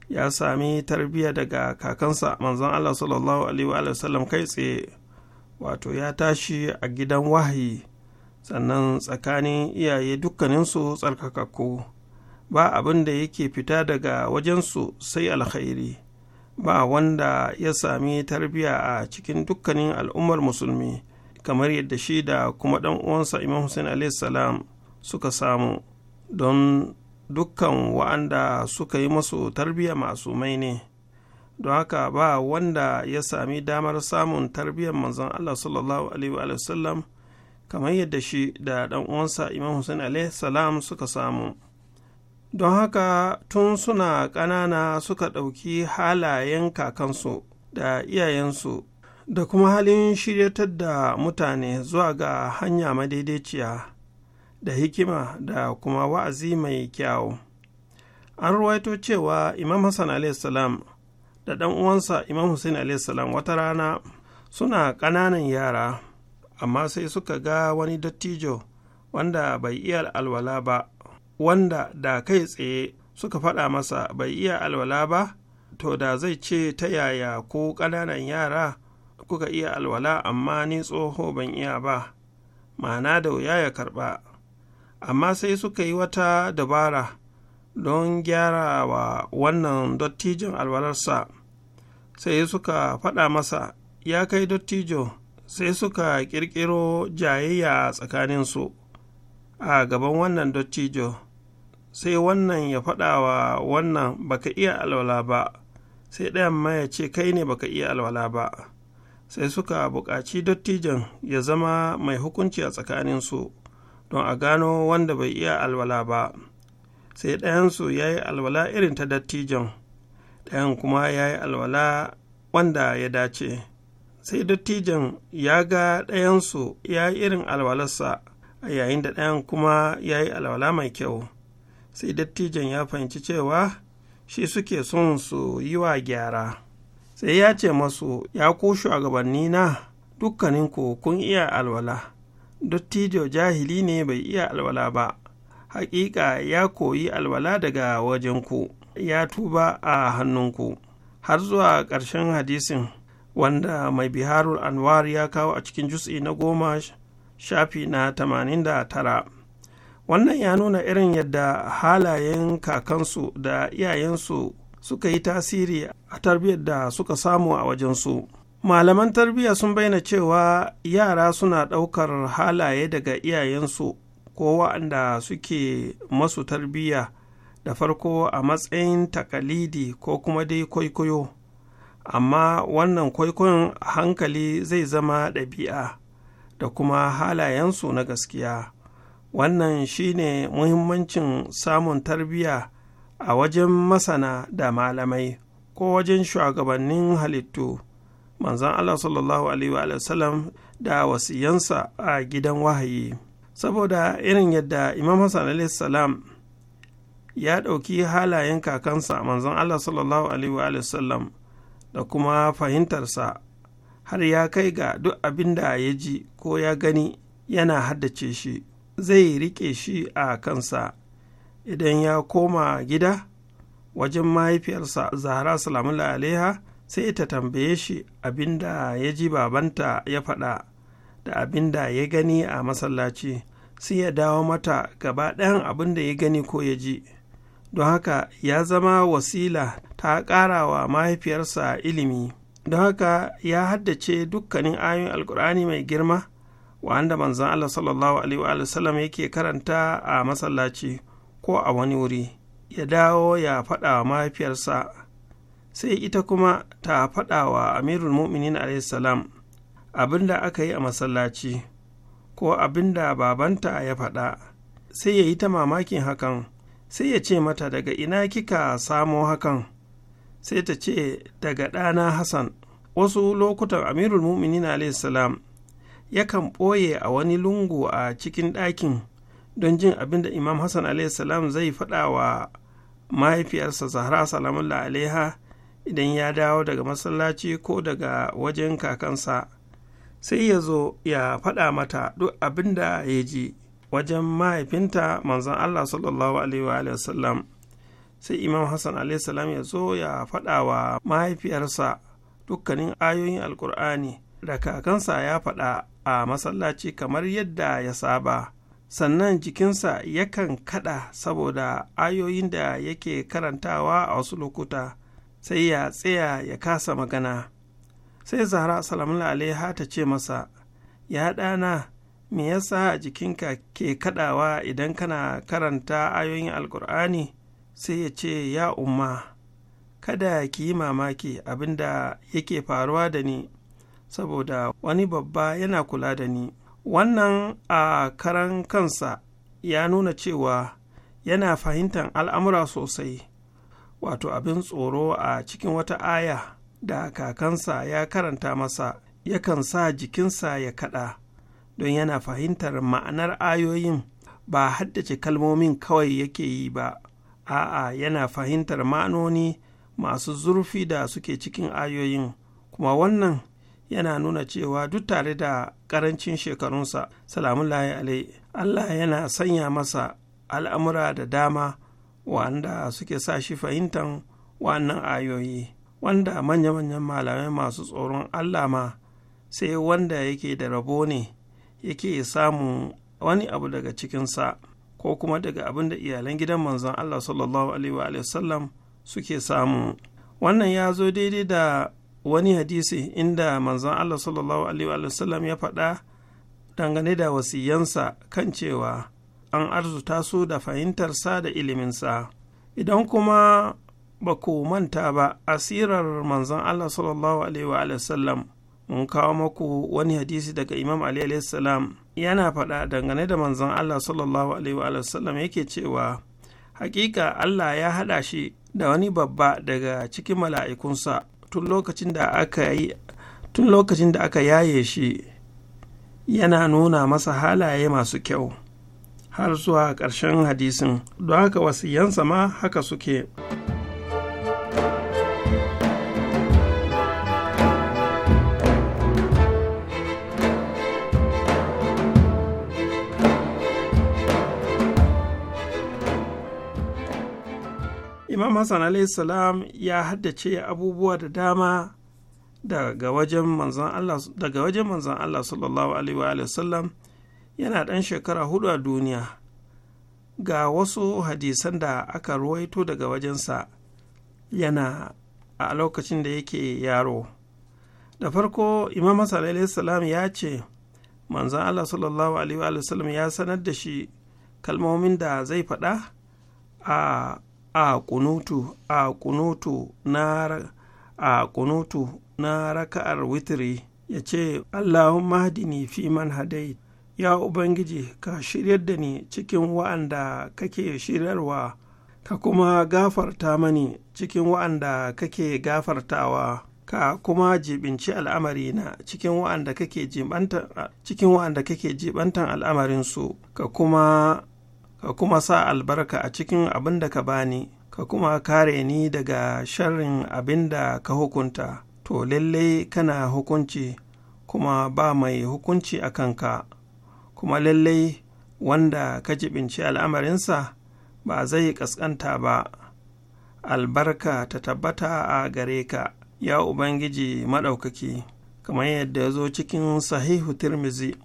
ya sami tarbiya daga kakansa manzon allah sallallahu alaihi sallam kai tsaye wato ya tashi a gidan wahayi sannan tsakanin iyaye dukkaninsu tsarkakakku ba abin da yake fita daga wajensu sai alkhairi ba wanda ya sami tarbiyya a cikin dukkanin al'ummar musulmi kamar yadda shi da kuma ɗan uwansa imam hussein salam suka samu don dukkan wa'anda suka yi masu tarbiyya mai ne don haka ba wanda ya sami damar samun tarbiyyar manzon allah sallallahu alaihi wa sallam kamar yadda shi da ɗan uwansa imam hussein salam suka samu don haka tun suna ƙanana suka ɗauki halayen kakansu da iyayensu da kuma halin shiryatar da mutane zuwa ga hanya madaidaiciya da hikima da kuma wa'azi mai kyau an ruwaito cewa imam hassan salam da ɗan uwansa imam hussein salam wata rana suna ƙananan yara amma sai suka ga wani dattijo wanda bai iya alwala ba wanda da kai tsaye suka faɗa masa bai iya alwala ba to da zai ce ta yaya ko ƙananan yara kuka iya alwala amma ni tsoho ban iya ba ma'ana da wuya ya karɓa amma sai suka yi wata dabara don gyara wa wannan dottijin alwalarsa sai suka faɗa masa ya kai dottijo sai suka ƙirƙiro jayayya tsakaninsu a gaban wannan dottijo sai wannan ya faɗa wa wannan baka iya alwala ba sai ɗayan ma ya ce kai ne baka iya alwala ba sai suka buƙaci dattijan ya zama mai hukunci a tsakaninsu don a gano wanda bai iya alwala ba sai ɗayansu ya yi alwala irin ta dattijan ɗayan kuma ya yi alwala wanda ya dace sai dattijan ya ga ɗayansu ya yi irin alwalarsa a yayin da ɗayan kuma ya yi alwala mai kyau sai dattijan ya fahimci cewa shi suke son su yi wa gyara sai ya ce masu ya ku shugabanni na dukkaninku kun iya alwala dattijo jahili ne bai iya alwala ba Haƙiƙa ya koyi alwala daga wajenku ya tuba a hannunku har zuwa ƙarshen hadisin wanda mai biharul anwar ya kawo a cikin jus'i na goma shafi na 89 wannan ya nuna irin yadda halayen kakansu da iyayensu suka yi tasiri a tarbiyyar da suka samu a wajensu malaman tarbiyya sun bayyana cewa yara suna ɗaukar halaye daga iyayensu ko waɗanda suke masu tarbiyya da farko a matsayin takalidi ko kuma dai kwaikwayo amma wannan kwaikwayon hankali zai zama ɗabi'a da kuma halayensu na gaskiya wannan shine muhimmancin samun tarbiyya a wajen masana da malamai ko wajen shugabannin halittu manzan allah sallallahu alaihi wa da wasiyansa a gidan wahayi saboda irin yadda imam hassan salam ya ɗauki halayen kakansa manzon allah sallallahu alaihi wa da kuma fahimtarsa har ya kai ga duk abin da ya ji ko ya gani yana haddace shi zai riƙe shi a kansa idan ya koma gida wajen mahaifiyarsa zahra salamu alaiha sai ta tambaye shi abin da ya ji babanta ya faɗa da abin da ya gani a masallaci sai ya dawo mata gaba ɗayan abin da ya gani ko ya ji don haka ya zama wasila ta ƙara wa mahaifiyarsa ilimi don haka ya haddace dukkanin ayoyin alkur'ani mai girma wanda manzan Allah sallallahu alaihi wa sallam yake karanta a masallaci ko a wani wuri ya dawo ya faɗa wa mahaifiyarsa sai ita kuma ta faɗa wa amirul mu'minin alaihi abin da aka yi a masallaci ko abin da babanta ya faɗa sai ya yi ta mamakin hakan sai ya ce mata daga ina kika samo hakan sai ta ce daga ɗana hassan wasu lokutan amirul mu'minin alaihi yakan ɓoye a wani lungu a cikin ɗakin don jin abin da imam hassan salam zai faɗa wa mahaifiyarsa zahra salamullah alaiha idan ya dawo daga masallaci ko daga wajen kakansa sai ya zo ya faɗa mata duk abin da ya ji wajen mahaifinta manzon allah sallallahu wasallam sai imam hassan salam ya zo ya faɗa wa mahaifiyarsa dukkanin ayoyin alkur'ani da kakansa ya faɗa a masallaci kamar yadda ya saba sannan jikinsa yakan kada saboda ayoyin da yake karantawa a wasu lokuta sai ya tsaya ya kasa magana sai zahra salamun alaiha ta ce masa ya ɗana me yasa jikinka ke kadawa idan kana karanta ayoyin alkur'ani sai ya ce ya umma kada ki yi mamaki abin da yake faruwa da ni saboda wani babba yana kula da ni wannan a karan kansa ya nuna cewa yana fahimtar al'amura sosai wato abin tsoro a cikin wata aya da kakansa ya karanta masa yakan sa jikinsa ya kaɗa don yana fahimtar ma'anar ayoyin ba haddace kalmomin kawai yake yi ba a'a yana fahimtar ma'anoni masu zurfi da suke cikin ayoyin kuma wannan yana nuna cewa duk tare da ƙarancin shekarunsa salamullahi alai allah yana sanya masa al'amura da dama wanda suke sa shi fahimtan wannan ayoyi wanda manya-manyan malamai masu tsoron allah ma sai wanda yake da rabo ne yake samu wani abu daga cikinsa ko kuma daga abin da iyalan gidan manzon allah sallallahu alaihi wa suke samu wannan ya zo daidai da wani hadisi inda manzon Allah sallallahu alaihi sallam ya faɗa dangane da wasiyansa kan cewa an arzuta su da fahimtarsa da iliminsa idan kuma ba ku manta ba asirar manzon Allah sallallahu alaihi sallam mun kawo maku wani hadisi daga imam ali salam yana faɗa dangane da manzon Allah sallallahu alaihi sallam yake cewa hakika Allah ya haɗa shi da wani babba daga cikin mala'ikunsa tun lokacin da aka yaye shi yana nuna masa halaye masu kyau har zuwa ƙarshen hadisin don haka wasiyansa ma haka suke. imam hassan salam ya haddace abubuwa da dama daga wajen manzan allah sallallahu alaihi sallam yana ɗan shekara hudu a duniya ga wasu hadisan da aka ruwaito daga wajensa yana a lokacin da yake yaro da farko imam hassan salam ya ce manzan allah sallallahu alaihi sallam ya sanar da shi kalmomin da zai faɗa a a kunutu a kunutu na a kunutu na raka'ar witiri ya ce allahumma hadini fi man hadait ya ubangiji ka shiryar da ni cikin wa'anda kake shiryarwa ka kuma gafarta mani cikin wa'anda kake gafartawa ka kuma jibinci al'amari na cikin wa'anda kake jibantan al'amarinsu ka kuma ka kuma sa albarka a cikin abin da ka bani ka kuma kare ni daga sharrin abin da ka hukunta to lalle kana hukunci kuma ba mai hukunci a kanka kuma lalle wanda ka jibinci al'amarinsa ba zai ƙasƙanta ba albarka ta tabbata a gare ka ya ubangiji maɗaukaki kamar yadda ya zo cikin sahihu tirmizi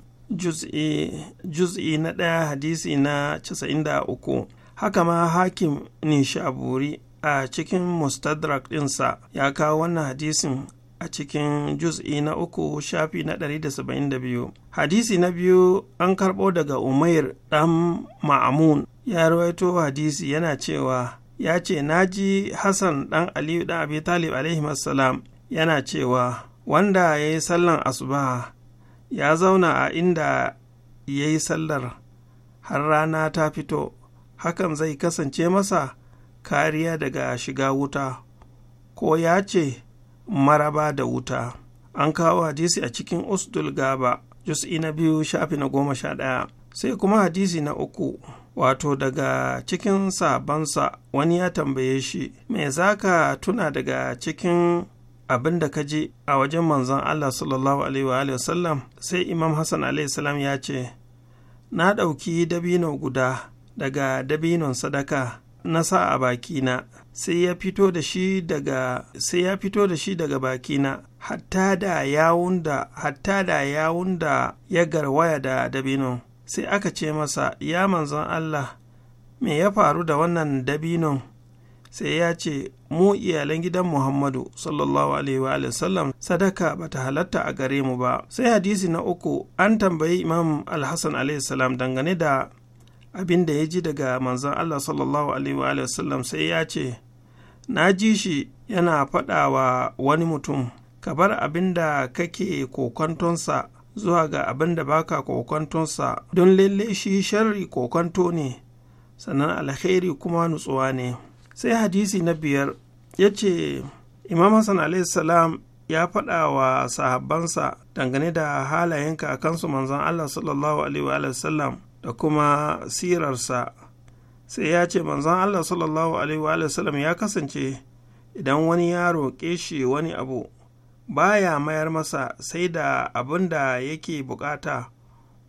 juz'i na ɗaya hadisi na casa'in da uku, haka ma hakim nishaburi a cikin mustadrak ɗinsa ya kawo wannan hadisin a cikin juz'i na uku shafi na 172 hadisi na biyu an karɓo daga umair ɗan ma'amun ya rawaito hadisi yana cewa ya ce na ji hassan ɗan aliyu ɗan abi talib yana cewa wanda ya yi sallan asuba ya zauna a inda ya yi sallar har rana ta fito hakan zai kasance masa kariya daga shiga wuta ko ya ce maraba da wuta an kawo hadisi a cikin usdul gaba jus'i na biyu shafi na goma sha ɗaya sai kuma hadisi na uku wato daga cikin sabansa wani ya tambaye shi me zaka tuna daga cikin abin da ka ji a wajen manzon Allah sallallahu alaihi wasallam sai Imam Hassan alaihi salam ya ce, Na ɗauki dabino guda daga dabinon sadaka na sa a bakina, sai ya fito da shi daga sai ya fito da shi daga bakina hatta da yawun da hatta da yawun da ya garwaya da dabinon sai aka ce masa ya manzon Allah me ya faru da wannan dabinon sai ya ce mu iyalan gidan muhammadu sallallahu alaihi wa sallam sadaka bata halatta a gare mu ba sai hadisi na uku an tambayi imam alhassan alaihi salam dangane da abin da ya ji daga manzon allah sallallahu alaihi wa sallam sai ya ce na ji shi yana faɗa wa wani mutum ka bar abin da kake kokontonsa zuwa ga abin da baka kokontonsa don lalle shi sharri kokonto ne sannan alkhairi kuma nutsuwa ne sai hadisi na biyar ya ce imam hassan salam ya faɗa wa sahabbansa dangane da halayen kakansu manzon allah sallallahu alaihi sallam da kuma sirarsa sai ya ce manzon allah sallallahu alaihi sallam ya kasance idan wani ya roƙe shi wani abu baya mayar masa sai da abin da yake bukata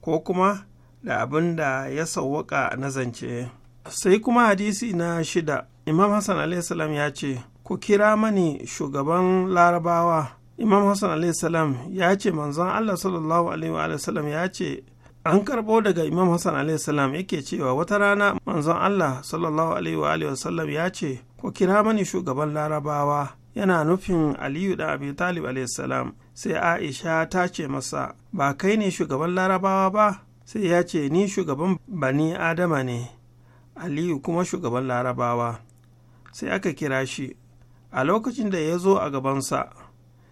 ko kuma da abin da ya sauwaka na zance sai kuma hadisi na shida imam hassan salam ya ce ku kira mani shugaban larabawa imam hassan salam ya ce manzon allah sallallahu alaihi ya ce an karɓo daga imam hassan salam yake cewa wata rana manzon allah sallallahu alaihi ya ce ku kira mani shugaban larabawa yana nufin aliyu da abi talib salam sai aisha ta ce masa ba kai ne shugaban larabawa ba sai ya ce ni shugaban bani adama ne aliyu kuma shugaban larabawa sai aka kira shi a lokacin da ya zo a gabansa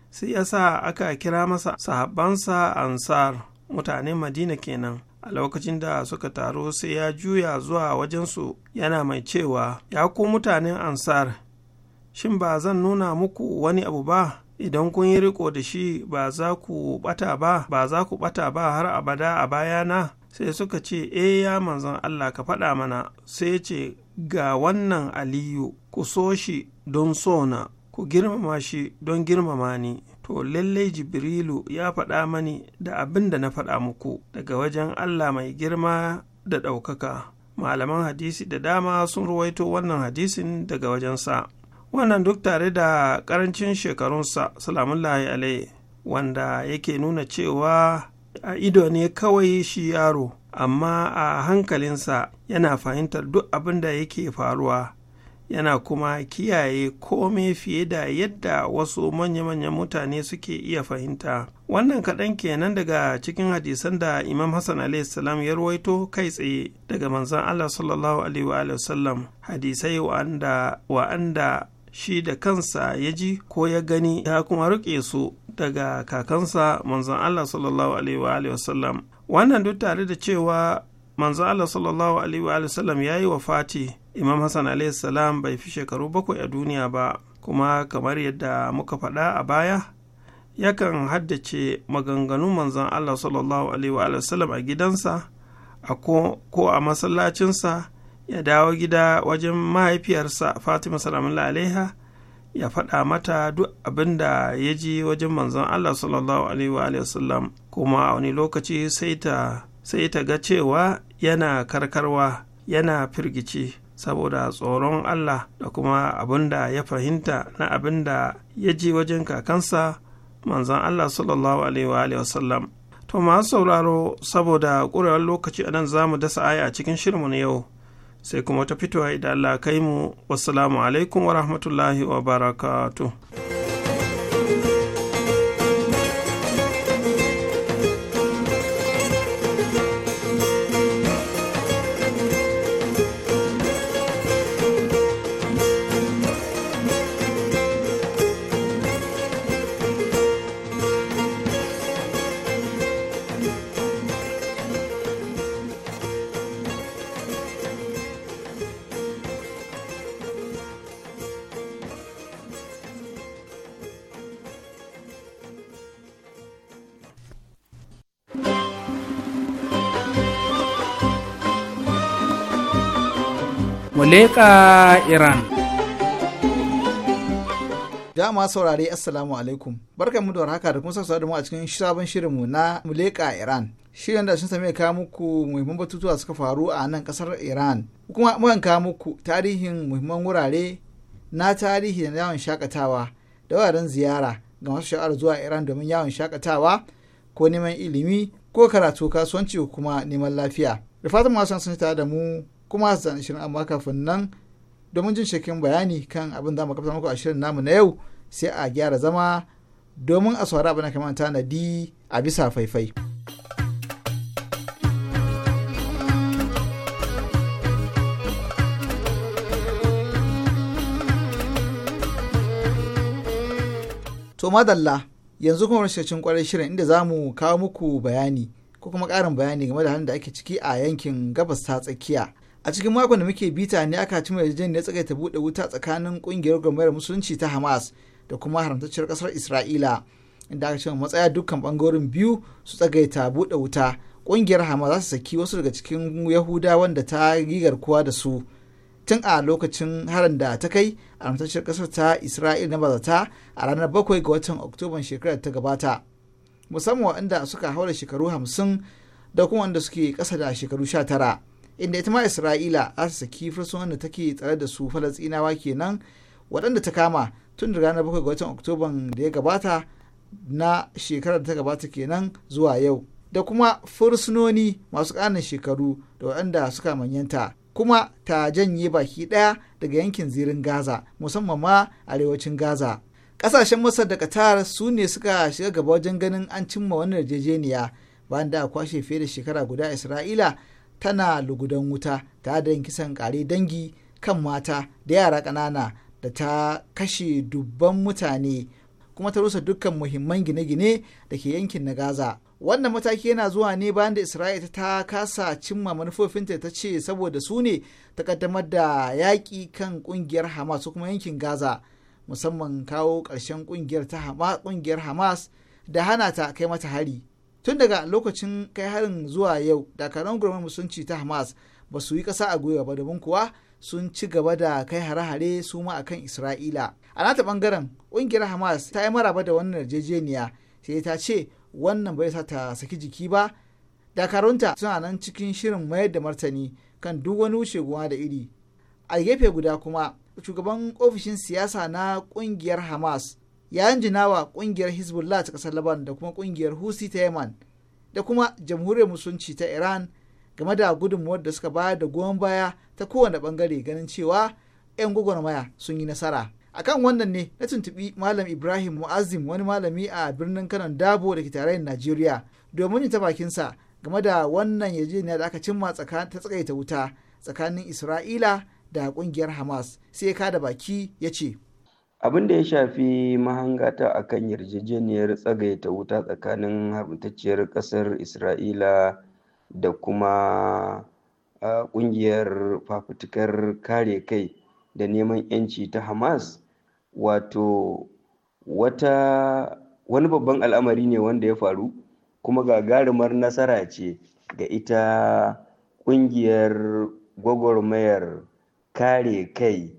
sai ya sa aka kira masa sahabbansa ansar mutane madina kenan a lokacin da suka taro sai ya juya zuwa wajensu yana mai cewa ya ku mutanen ansar shin ba zan nuna muku wani abu ba idan kun yi riko da shi ba za ku bata ba ba za ku bata ba har abada a bayana sai suka ce e ya manzon Allah ka faɗa mana sai ce ga wannan aliyu ku so shi don sona ku girmama shi don girmama ni to lallai jibrilu ya faɗa mani da abin da na faɗa muku daga wajen allah mai girma da ɗaukaka malaman hadisi da dama sun ruwaito wannan hadisin daga wajensa wannan duk tare da ƙarancin shekarunsa salamullahi alai wanda yake nuna cewa a ido ne kawai shi yaro amma a hankalinsa yana fahimtar duk abin da yake faruwa yana kuma kiyaye kome fiye da yadda wasu manya-manyan mutane suke iya fahimta wannan kaɗan kenan daga cikin hadisan da imam hassan salam ya ruwaito kai tsaye daga manzon allah sallallahu alaihi wa sallam hadisai wa'anda shi da kansa ya ji ko ya gani ya kuma riƙe su daga kakansa manzon allah sallallahu alaihi wa sallam wannan duk tare da cewa manzo Allah sallallahu alaihi wa sallam ya yi wafati imam Hassan alaihi salam bai fi shekaru bakwai a duniya ba kuma kamar yadda muka faɗa a baya yakan haddace maganganu manzon Allah sallallahu alaihi wa sallam a gidansa a ko a masallacinsa ya dawo gida wajen mahaifiyarsa Fatima salamun alaiha ya faɗa mata duk abin da ya ji wajen manzon Allah sallallahu alaihi wa sallam kuma a wani lokaci sai ta ga cewa yana karkarwa yana firgici saboda tsoron Allah da kuma abin da ya fahimta na abin da ya ji wajen kakansa manzon Allah sallallahu alaihi wa sallam to masu sauraro saboda ƙurewar lokaci a nan za mu dasa aya cikin shirmu na yau sai kuma ta fitowa idan Allah kai mu wassalamu alaikum wa rahmatullahi wa barakatuh leƙa iran dama saurare assalamu alaikum mu da warhaka da kuma sa da mu a cikin sabon shirinmu na muleka iran shirin da sun sami kawo muku muhimman batutuwa suka faru a nan kasar iran kuma mukan kawo muku tarihin muhimman wurare na tarihi da yawon shakatawa da wuraren ziyara ga masu sha'ar zuwa iran domin yawon shakatawa ko neman ilimi ko karatu kasuwanci ko kuma neman lafiya da fatan masu sun tare da mu kuma hassan shirin amma kafin nan domin jin shekin bayani kan abin da makamta fata muku a shirin namu na yau sai a gyara zama domin a saurari abin da kamar tanadi a bisa faifai. To madalla yanzu kuma rashin kwarai shirin inda za mu kawo muku bayani ko kuma ƙarin bayani game da halin da ake ciki a yankin gabas ta tsakiya a cikin makon da muke bita ne aka cimma tsakai ta bude wuta tsakanin kungiyar gwamnatin musulunci ta hamas da kuma haramtacciyar kasar isra'ila inda aka cimma matsaya dukkan bangarorin biyu su ta bude wuta kungiyar hamas za su saki wasu daga cikin yahuda wanda ta yi garkuwa da su tun a lokacin harin da ta kai haramtacciyar kasar ta isra'ila na bazata a ranar bakwai ga watan oktoban shekarar ta gabata musamman inda suka haura shekaru hamsin da kuma wanda suke kasa da shekaru sha tara inda ita ma isra'ila za ta saki fursun da take tsare da su falastinawa kenan waɗanda ta kama tun da ranar bakwai ga watan oktoban da ya gabata na shekarar da ta gabata kenan zuwa yau da kuma fursunoni masu ƙanan shekaru da waɗanda suka manyanta kuma ta janye baki ɗaya daga yankin zirin gaza musamman ma arewacin gaza ƙasashen masar da qatar su ne suka shiga gaba wajen ganin an cimma wannan yarjejeniya bayan da a kwashe fiye da shekara guda isra'ila tana lugudan wuta ta da kisan kare dangi kan mata da yara ƙanana da ta kashe dubban mutane kuma ta rusa dukkan muhimman gine-gine da ke yankin na gaza wannan mataki yana zuwa ne bayan da isra'ila ta kasa cimma manufofinta ta ce saboda su ne ta kaddamar da yaƙi kan ƙungiyar hamas kuma yankin gaza musamman kawo ƙarshen ƙungiyar hamas da hana ta kai mata hari tun daga lokacin kai harin zuwa yau dakarun sun musulunci ta hamas ba su yi kasa a gwiwa ba domin kuwa sun ci gaba da kai hare-hare su ma akan isra'ila a nata bangaren ƙungiyar hamas ta yi maraba da wannan yarjejeniya sai ta ce wannan bai sa ta saki jiki ba dakarunta suna nan cikin shirin mayar da martani kan duk wani wuce goma da iri a gefe guda kuma shugaban ofishin siyasa na ƙungiyar hamas ya yanjina wa ƙungiyar hezbollah ta ƙasar laban da kuma kungiyar husi ta yaman da kuma jamhuriyar musulunci ta iran game da gudunmuwar da suka bayar da goyon baya ta kowane bangare ganin cewa 'yan gwagwarmaya sun yi nasara akan wannan ne na tuntubi malam ibrahim mu'azzim wani malami a birnin kanon dabo da ke tarayyar najeriya domin yin ta bakinsa game da wannan yarjejeniya da aka cimma ta tsakaita wuta tsakanin isra'ila da kungiyar hamas sai ka da baki ya ce abin da ya shafi mahangata a kan yarjejeniyar tsagaita wuta tsakanin haramtacciyar ƙasar isra'ila da kuma ƙungiyar fafutukar kare kai da neman 'yanci ta hamas wato wata wani babban al'amari ne wanda ya faru kuma gagarumar nasara ce ga ita ƙungiyar gwagwarmayar kare kai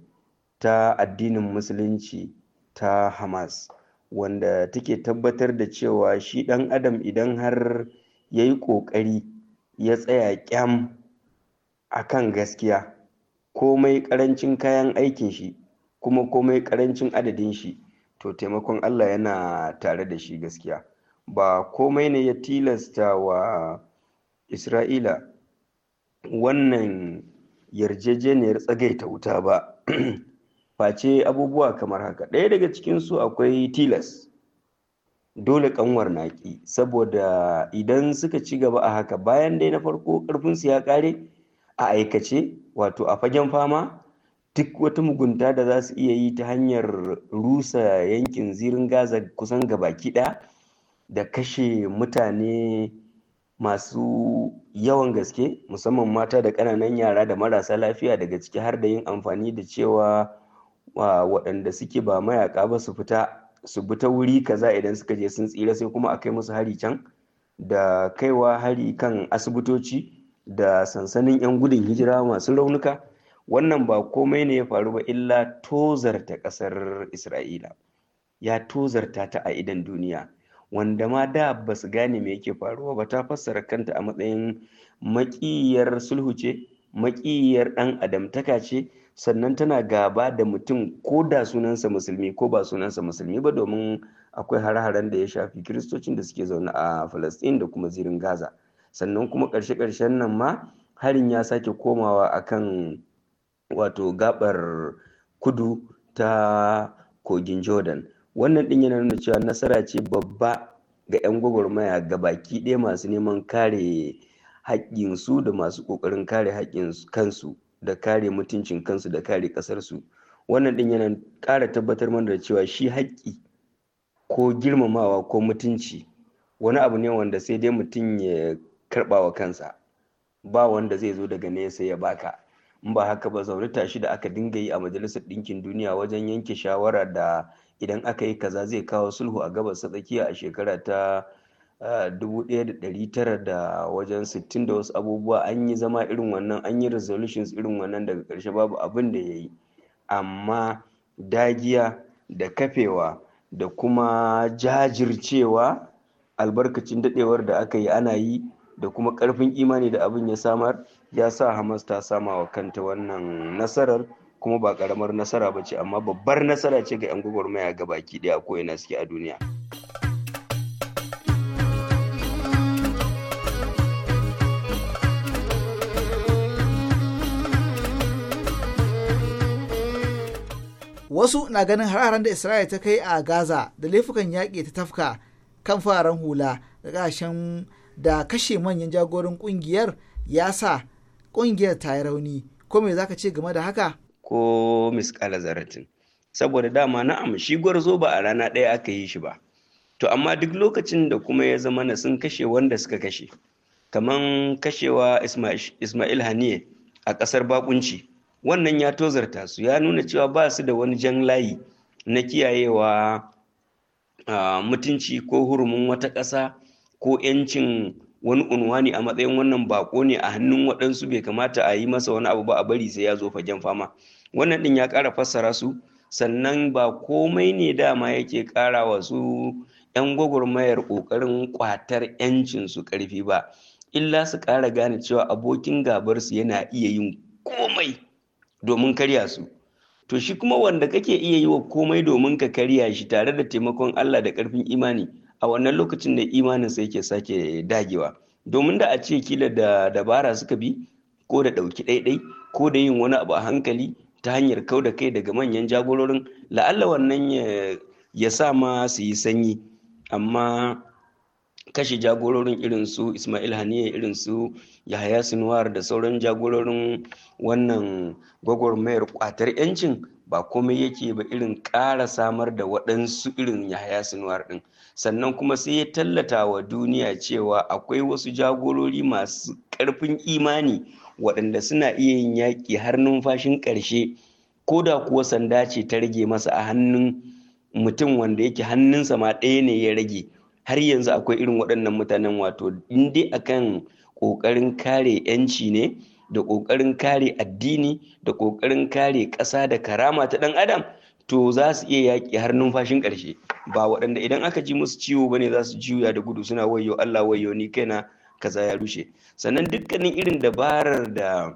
ta addinin musulunci ta hamas wanda take tabbatar da cewa shi ɗan adam idan har ya yi ƙoƙari ya tsaya kyam a kan gaskiya komai karancin kayan aikin shi kuma komai karancin adadin shi to taimakon allah yana tare da shi gaskiya ba komai ne ya tilasta wa isra'ila wannan yarjejeniyar tsagaita wuta ba [CLEARS THROAT] face abubuwa kamar haka ɗaya daga cikin su akwai tilas dole kanwar naki saboda idan suka ci gaba a haka bayan dai na farko ƙarfinsu ya ƙare a aikace wato a fagen fama duk wata mugunta da za su iya yi ta hanyar rusa yankin zirin gaza kusan gabaki ɗaya da kashe mutane masu yawan gaske musamman mata da ƙananan yara da marasa lafiya daga ciki har da yin amfani da cewa waɗanda suke ba mayaka ba su fita su bi ta wuri kaza idan suka je sun tsira sai kuma a kai musu hari can da kaiwa hari kan asibitoci da sansanin 'yan gudun hijira masu raunuka wannan ba komai ne ya faru ba illa tozarta ƙasar isra'ila ya tozarta ta a idan duniya wanda ma da ba su gane me yake faruwa ba ta fassara kanta a matsayin maƙiyar sulhu ce maƙiyar ɗan adamtaka ce sannan tana gaba da mutum ko da sunansa musulmi ko ba sunansa musulmi ba domin akwai har-haren da ya shafi kiristocin da suke zaune a falastin da kuma zirin gaza sannan kuma ƙarshe-ƙarshen nan ma harin ya sake komawa akan wato gabar kudu ta kogin jordan wannan ɗin yana nuna cewa nasara ce babba ga 'yan gwagwarmaya ga baki ɗaya masu neman kare haƙƙinsu da masu ƙoƙarin kare haƙƙin kansu da kare mutuncin kansu da kare ƙasarsu wannan din yana ƙara tabbatar mana da cewa shi haƙƙi ko girmamawa ko mutunci wani abu ne wanda sai dai mutum ya karɓa wa kansa ba wanda zai zo daga nesa ya baka in ba haka ba zaune tashi da aka dinga yi a majalisar ɗinkin duniya wajen yanke shawara da idan aka yi kaza zai kawo sulhu a gabas ta tsakiya a shekara ta 1900 eh, da wajen 60 da wasu abubuwa an yi zama irin wannan an yi resolutions irin wannan daga ƙarshe babu abin da ya yi amma dagiya da kafewa da kuma jajircewa albarkacin dadewar da aka yi ana yi da kuma karfin imani da abin ya samar ya sa hamas ta sama wa kanta wannan nasarar kuma ba ƙaramar nasara ba ce amma babbar nasara ce ga 'yan gwagwarmaya ga baki daya ko ina suke a duniya. wasu na ganin hararen da isra'ila ta kai a gaza da laifukan yaƙi ta tafka kan fararen hula da da kashe manyan jagorin ƙungiyar ya sa ƙungiyar ta yi rauni ko me zaka ce game da haka ko miskala zaratin saboda dama na'am shi gwarzo ba a rana ɗaya aka yi shi ba to amma duk lokacin da kuma ya zama na sun kashe wanda suka kashe kaman kashewa ismail haniye a ƙasar bakunci wannan ya tozarta su ya nuna cewa ba su da wani jan layi na kiyayewa mutunci ko hurumin wata ƙasa ko 'yancin wani unwani a matsayin wannan bako ne a hannun waɗansu bai kamata a yi masa wani abu ba a bari sai ya zo fagen fama wannan ɗin ya ƙara fassara su sannan ba komai ne dama yake ƙara wa su 'yan gwagwarmayar ƙoƙarin ƙwatar su ƙarfi ba illa su ƙara gane cewa abokin gabarsu yana iya yin komai domin karya su to shi kuma wanda kake iya yi wa komai domin ka karya shi tare da taimakon Allah da karfin imani a wannan lokacin da imanin sa yake sake dagewa domin da a ce kila da dabara suka bi ko da ɗauki ɗaiɗai ko da yin wani abu a hankali ta hanyar kau da kai daga manyan jagororin la'alla wannan ya sa ma su yi sanyi amma kashe jagororin irin su ismail haniya irin su yahaya sinuwar da sauran jagororin wannan gwagwarmayar kwatar yancin ba komai yake ba irin ƙara samar da waɗansu irin yahaya sinuwar ɗin sannan kuma sai ya tallata wa duniya cewa akwai wasu jagorori masu ƙarfin imani waɗanda suna iya yin yaƙi har numfashin ƙarshe ko da kuwa sanda ce ta rage masa a hannun mutum wanda yake hannunsa ma ɗaya ne ya rage har yanzu akwai irin waɗannan mutanen wato in a kan ƙoƙarin kare 'yanci ne da ƙoƙarin kare addini da ƙoƙarin kare ƙasa da karama ta ɗan adam to za su iya yaƙi har numfashin ƙarshe ba waɗanda idan aka ji musu ciwo ba ne za su juya da gudu suna wayo Allah wayo ni kaina kaza ya rushe sannan dukkanin irin dabarar da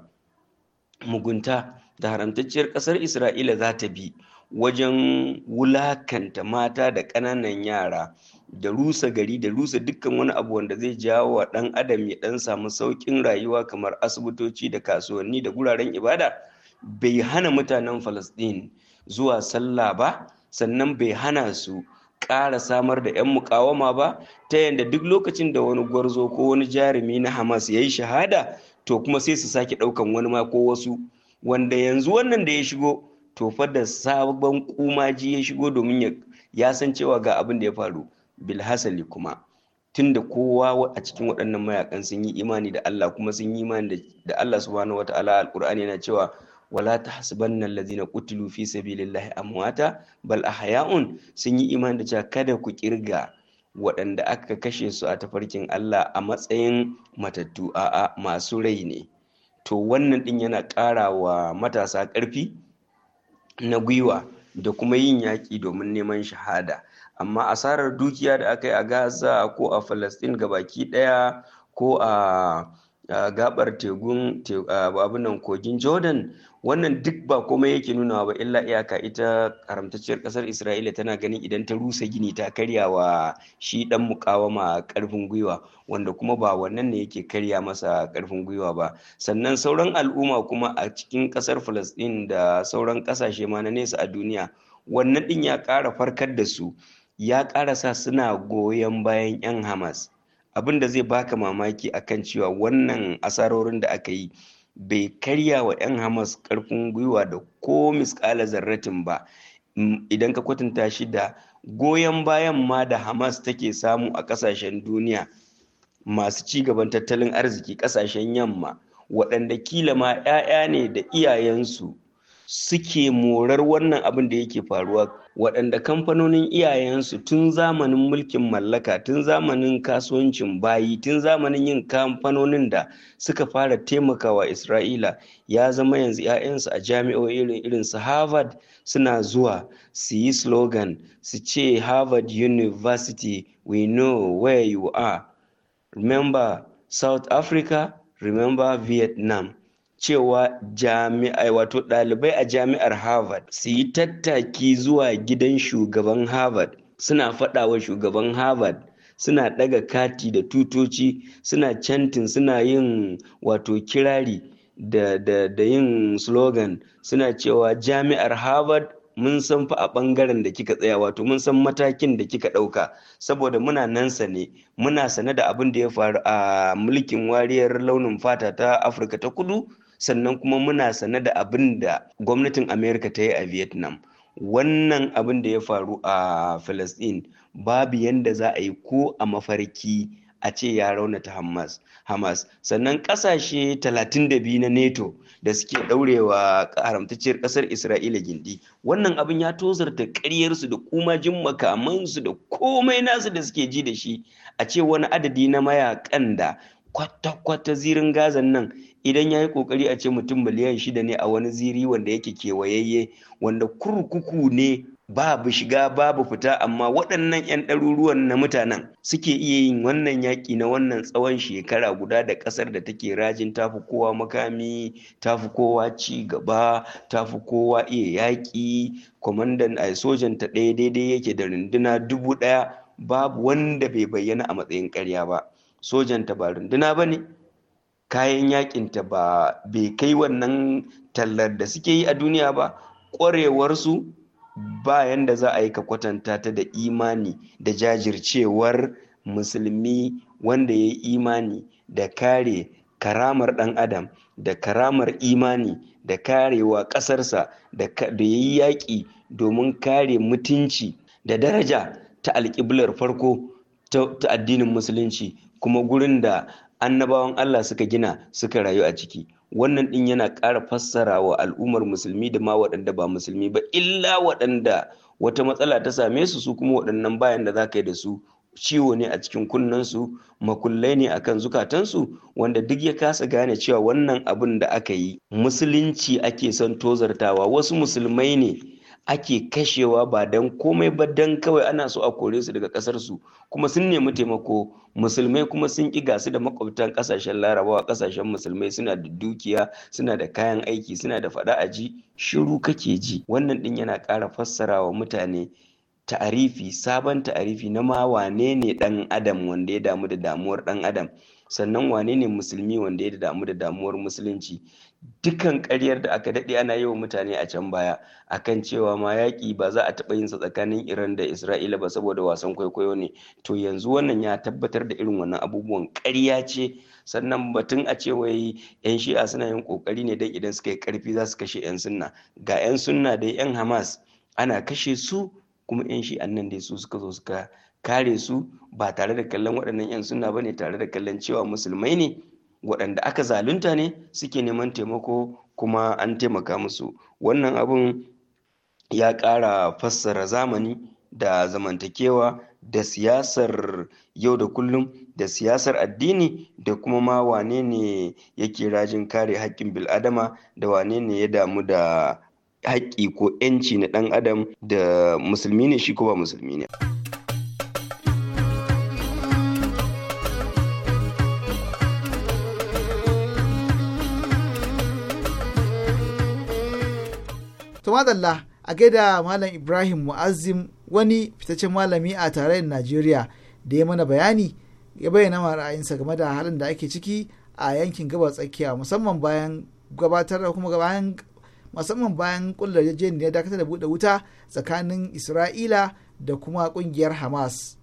mugunta da haramtacciyar ƙasar isra'ila za ta bi wajen wulakanta mata da ƙananan yara da rusa gari da rusa dukkan wani abu wanda zai jawo wa ɗan adam ya ɗan samu saukin rayuwa kamar asibitoci da kasuwanni da guraren ibada bai hana mutanen falasɗin zuwa sallah ba sannan bai hana su ƙara samar da 'yan mukawama ba ta yadda duk lokacin da wani gwarzo ko wani jarumi na hamas ya yi shahada to kuma sai su sake ɗaukan wani ma ko wasu wanda yanzu wannan da ya shigo to fa da sabon kumaji ya shigo domin ya san cewa ga abin da ya faru bilhasali kuma tunda kowa a cikin waɗannan mayakan sun yi imani da Allah kuma sun yi imani da Allah subhanahu ta'ala alqur'ani yana cewa wala tahsabanna allazina qutilu fi sabilillahi amwata bal ahya'un sun yi imani da cewa kada ku kirga waɗanda aka kashe su a tafarkin Allah a matsayin matattu a'a masu rai ne to wannan din yana ƙara wa matasa ƙarfi na gwiwa da kuma yin yaƙi domin neman shahada amma asarar dukiya da aka yi a gaza ko a falastin baki daya ko a gabar tegun abinan kogin jordan wannan duk ba komai yake nuna ba illa iyaka ita karamtacciyar kasar isra'ila tana ganin idan ta rusa gini ta karya wa shi dan mukawama karfin gwiwa wanda kuma ba wannan ne yake karya masa karfin gwiwa ba sannan sauran al'umma kuma a cikin kasar falastin da sauran kasashe ma na nesa a duniya wannan din ya kara farkar da su ya karasa suna goyon bayan 'yan hamas abin da zai baka mamaki a kan cewa wannan asarorin da aka yi bai karya wa 'yan hamas karfin gwiwa da ko miskala zarratin ba idan ka kwatanta shi da goyon bayan ma da hamas take samu a kasashen duniya masu ci gaban tattalin arziki kasashen yamma waɗanda kila ma 'ya'ya ne da iyayensu suke morar wannan abin da yake faruwa waɗanda kamfanonin iyayensu tun zamanin mulkin mallaka tun zamanin kasuwancin bayi tun zamanin yin kamfanonin da suka fara taimakawa isra'ila ya zama yanzu 'ya'yansu a jami'o'i irin irin su harvard suna zuwa su yi slogan su ce harvard university we know where you are remember south africa remember vietnam cewa jami'ai wato ɗalibai a jami'ar harvard su yi tattaki zuwa gidan shugaban harvard suna faɗawa shugaban harvard suna ɗaga kati da tutoci suna cantin suna yin wato kirari da, da, da yin slogan suna cewa jami'ar harvard mun san fa a ɓangaren da kika tsaya wato mun san matakin da kika ɗauka saboda muna nan sane muna sane da abin da ya faru a mulkin wariyar launin fata ta afirka ta kudu sannan kuma muna sane da abin da gwamnatin amerika ta yi a vietnam wannan abin da ya faru a Falasɗin babu yadda za a yi ko a mafarki a ce ya raunata Hamas. Hamas sannan kasashe 32 na NATO da suke daurewa haramtacciyar kasar Isra'ila gindi. Wannan abin ya tozarta ƙaryarsu da kumajin makamansu da komai nasu da suke ji da shi a ce wani adadi na mayakan da kwata-kwata zirin gazan nan idan ya yi kokari a ce mutum miliyan shida ne a wani ziri wanda yake kewayayye wanda kurkuku ne babu shiga babu fita amma waɗannan 'yan ɗaruruwan na mutanen suke iya yin wannan yaƙi na wannan tsawon shekara guda da ƙasar da take rajin tafi kowa makami tafi kowa ci gaba tafi kowa iya yaƙi kwamandan a eh, sojan ta ɗaya daidai yake da runduna dubu ɗaya babu wanda bai bayyana a matsayin ƙarya ba sojan ta ba runduna ba ne kayan yakinta ba bai kai wannan tallar da suke yi a duniya ba ƙwarewarsu ba yanda za a yi ka kwatanta ta da imani da jajircewar musulmi wanda ya yi imani da kare karamar ɗan adam da karamar imani da karewa ƙasarsa da ya yi yaƙi domin kare mutunci da daraja ta alƙiblar farko ta addinin musulunci kuma gurin da annabawan Allah suka gina suka rayu a ciki wannan din yana ƙara fassara wa al'ummar musulmi da ma waɗanda ba musulmi ba illa waɗanda wata matsala ta same su su kuma waɗannan bayan da za ka yi da su ciwo ne a cikin kunnensu makullai ne akan zukatansu wanda duk ya kasa gane cewa wannan abin da aka yi musulunci ake son tozartawa wasu musulmai ne ake kashewa ba don komai ba don kawai ana so a kore su daga ƙasar su kuma sun nemi taimako musulmai kuma sun ƙi gasu da makwabtan kasashen larabawa kasashen musulmai suna da dukiya suna da kayan aiki suna da faɗa a ji shiru kake ji wannan din yana ƙara fassara wa mutane ta'arifi sabon ta'arifi na ma wane ne ɗan adam wanda ya damu da damuwar ɗan adam sannan wane ne musulmi wanda ya damu da damuwar musulunci dukan karyar da aka daɗe ana yi wa mutane a can baya akan cewa ma yaƙi ba za a taɓa yin sa tsakanin iran da isra'ila ba saboda wasan kwaikwayo ne to yanzu wannan ya tabbatar da irin wannan abubuwan ƙarya ce sannan batun a ce wai yan shi'a suna yin ƙoƙari ne don idan suka yi ƙarfi za su kashe yan sunna ga yan sunna da yan hamas ana kashe su kuma yan shi'an nan dai su suka zo suka kare su ba tare da kallon waɗannan yan sunna ba ne tare da kallon cewa musulmai ne waɗanda aka zalunta ne suke neman taimako kuma an taimaka musu wannan abun ya ƙara fassara zamani da zamantakewa da siyasar yau da kullum da siyasar addini da kuma ma wane ne yake rajin kare haƙƙin bil'adama da wane ne ya damu da haƙƙi ko 'yanci na ɗan adam da musulmi ne shi ko ba musulmi ne. to madalla a gaida malam ibrahim mu'azzim wani fitaccen malami a tarayyar najeriya da ya mana bayani ya bayyana ma ra'ayinsa game da halin da ake ciki a yankin gabas tsakiya musamman bayan gabatar kuma bayan musamman bayan kullar ya dakatar da buɗe wuta tsakanin isra'ila da kuma kungiyar hamas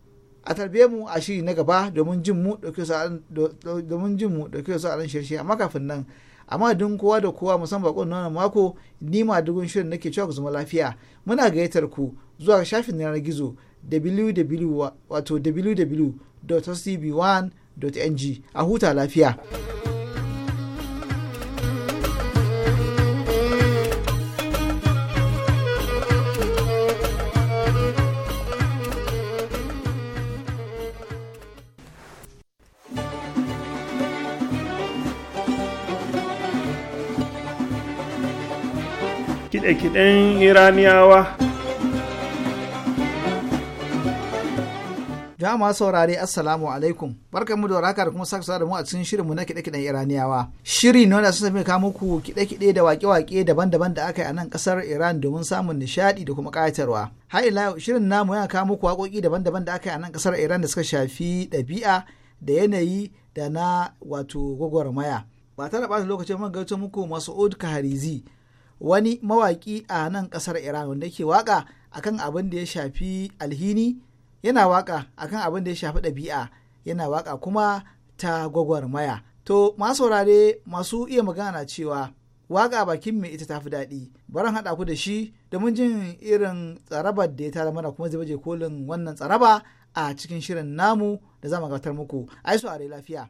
a tarbe mu a shiri na gaba domin jin mu ɗauke su a ran shirshe amma kafin nan amma dun kowa da kowa musamman bakon na mako ni ma dugun shirin nake cewa ku zama lafiya muna gayyatar ku zuwa shafin yanar gizo www.cb1.ng a huta lafiya. kiɗe-kiɗen iraniyawa jama'a saurare assalamu alaikum barkanmu da waraka da kuma sake da mu a cikin shirinmu na kiɗe-kiɗen iraniyawa shiri ne wanda sun sami kawo muku kiɗe-kiɗe da waƙe-waƙe daban-daban da aka yi a nan ƙasar iran domin samun nishaɗi da kuma ƙayatarwa har ila shirin namu yana kawo muku waƙoƙi daban-daban da aka yi a nan ƙasar iran da suka shafi ɗabi'a da yanayi da na wato gwagwarmaya ba tare da ɓata lokacin man gaito muku masu'ud kaharizi wani mawaƙi a nan ƙasar iran wanda ke waƙa akan abin da ya shafi alhini yana waka akan abin da ya shafi ɗabi'a yana waka kuma ta gwagwarmaya to masu saurare masu iya magana cewa waƙa bakin mai ita tafi daɗi barin haɗa ku da shi domin jin irin tsarabar da ya tara mana kuma zai baje kolin wannan tsaraba a cikin shirin namu da za mu gabatar muku ai su lafiya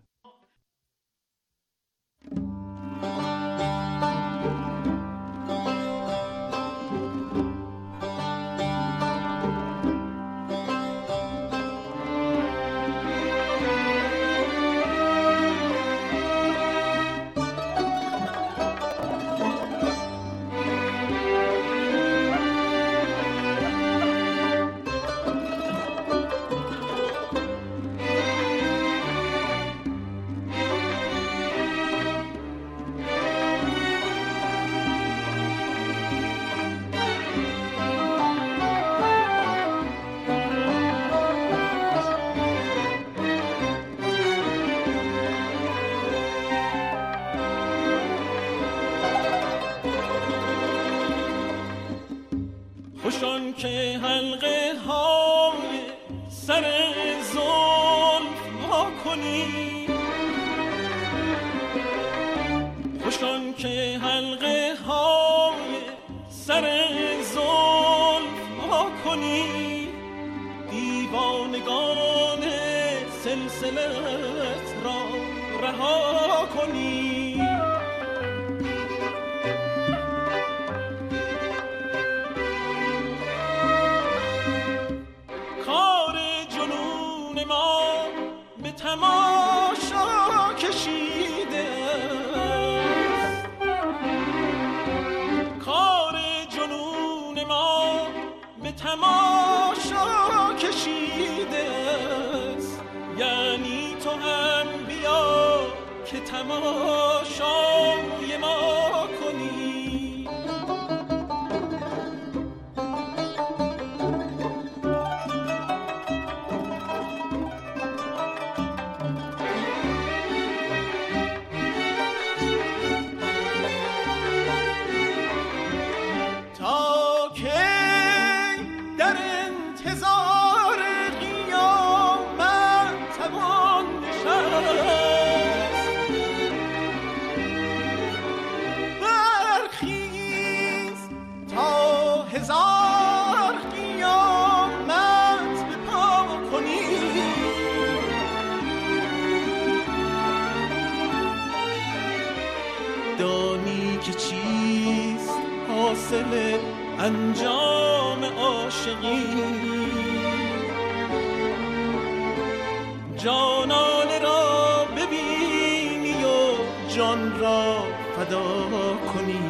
جان را فدا کنی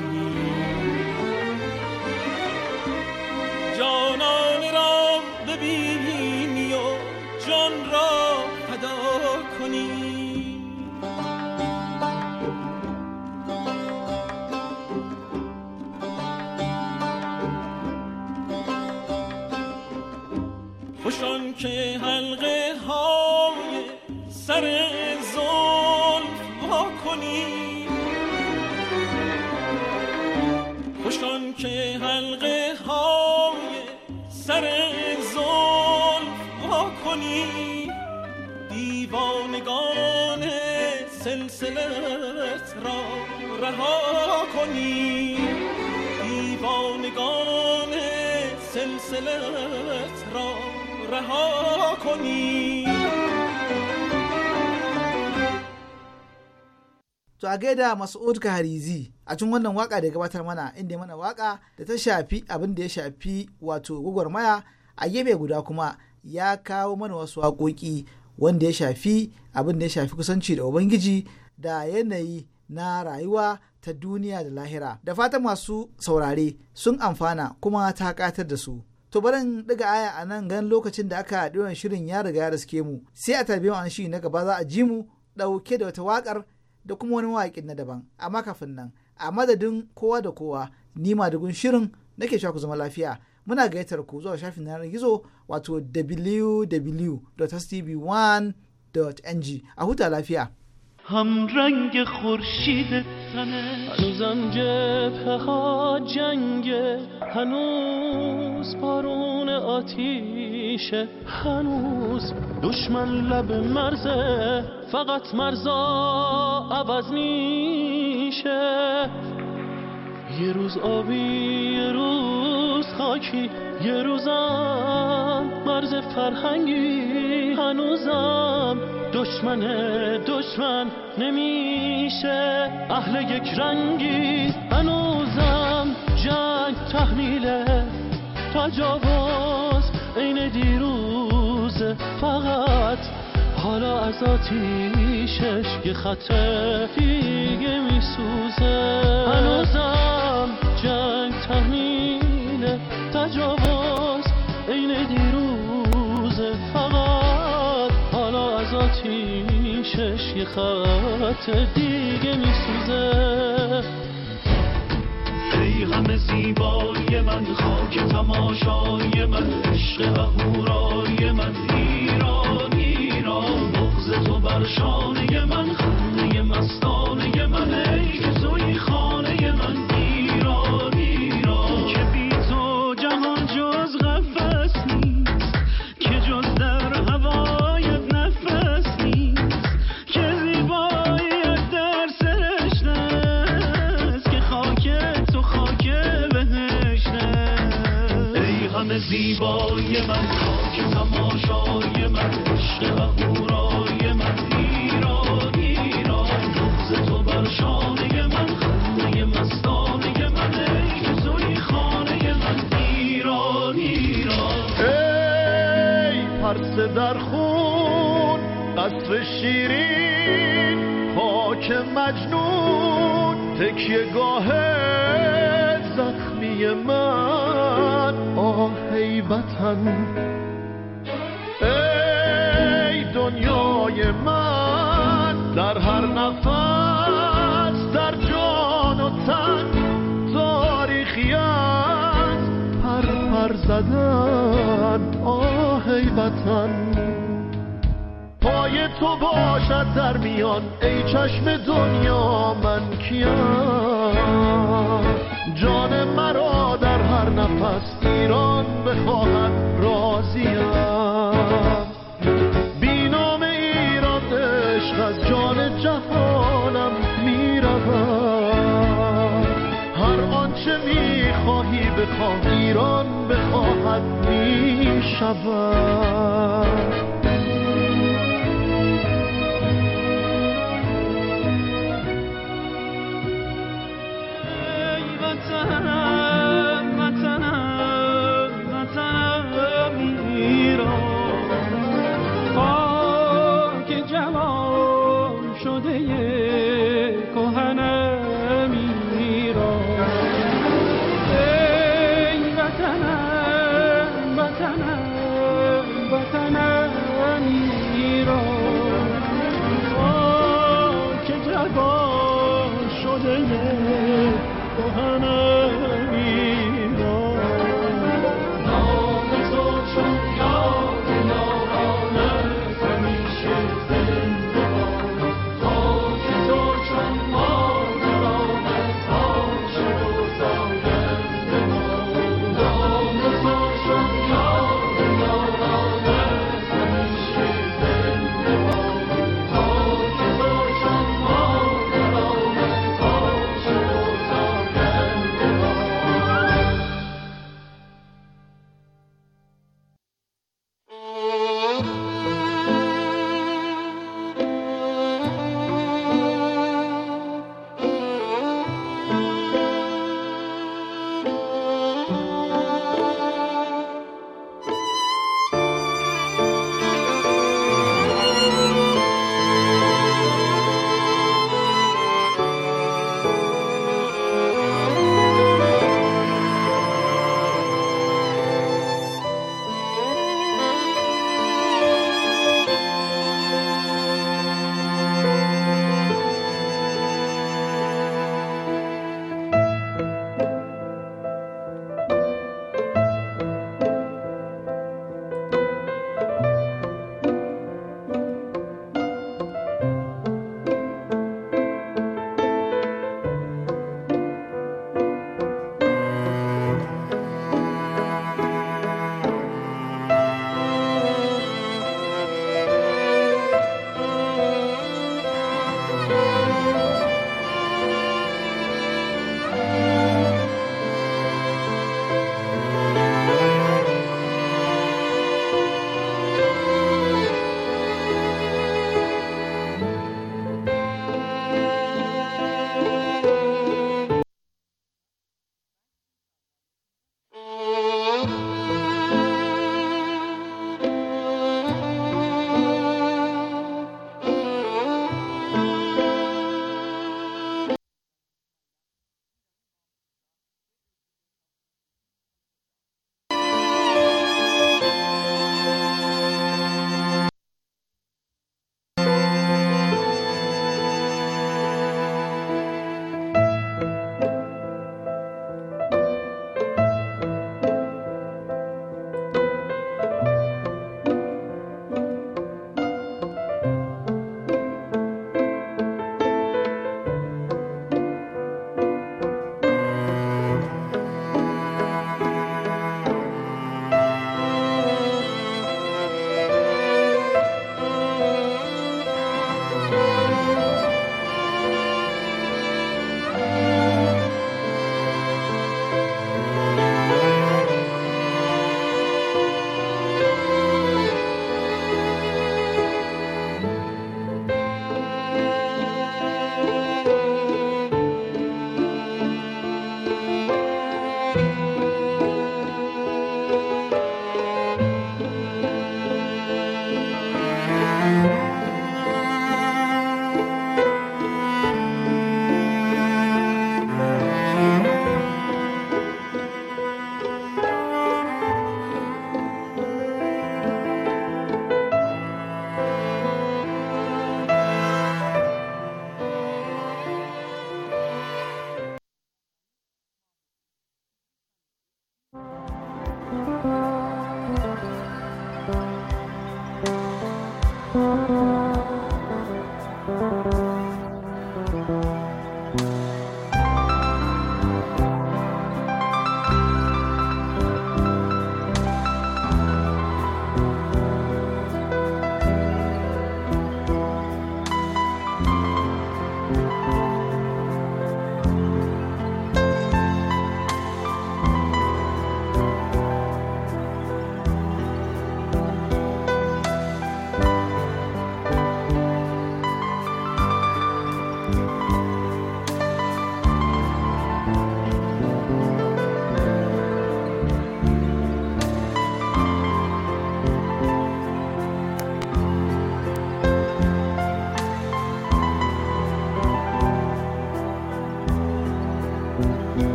جانان را ببینی و جان را فدا کنی خوشان که هل را رها کنی To a gaida Mas'ud Kaharizi a cikin wannan waka da gabatar mana inda mana waka da ta shafi abin da ya shafi wato gwagwarmaya a gefe guda kuma ya kawo mana wasu waƙoƙi wanda ya shafi abin da ya shafi kusanci da Ubangiji da yanayi na rayuwa ta duniya da lahira da fata masu saurare sun amfana kuma ta katar da su to barin daga aya a nan gan lokacin da aka ɗiran shirin ya riga ya riske mu sai a tarbiyyar an shi na gaba za a ji mu ɗauke da wata waƙar da kuma wani mawaƙin na daban amma kafin nan a madadin kowa da kowa ni ma madugun shirin nake sha ku zama lafiya muna gayyatar ku zuwa shafin yanar gizo wato www.tv1.ng a huta lafiya. هم رنگ خورشید تنه هنوزم جبهه ها جنگه هنوز بارون آتیشه هنوز دشمن لب مرزه فقط مرزا عوض میشه یه روز آبی یه روز خاکی یه روزم مرز فرهنگی هنوزم دشمن دشمن نمیشه اهل یک رنگی هنوزم جنگ تحمیله تجاوز عین دیروز فقط حالا از آتیشش یه خط دیگه میسوزه هنوزم جنگ تحمیل تجاوز عین دیروزه فقط حالا از آتیشش یه خط دیگه میسوزه ای همه زیبایی من خاک تماشای من عشق و هورای من هر شانه من خونه مستانه من ای خانه من ایران که بی تو جهان جز قفص نیست که جز در هوایت نفس نیست که زیباییت در سرش نست که خاکت تو خاک بهش ای همه من در خون قصر شیرین پاک مجنون تکیه گاه زخمی من آه ای بطن ای دنیای من در هر نفس در جان و تن تاریخی از پر پر زدن ای وطن پای تو باشد در میان ای چشم دنیا من کیم جان مرا در هر نفس ایران بخواهد راضیم بینام ایران عشق از جان جهانم میرود هر آنچه میخواهی بخواه ایران chavão.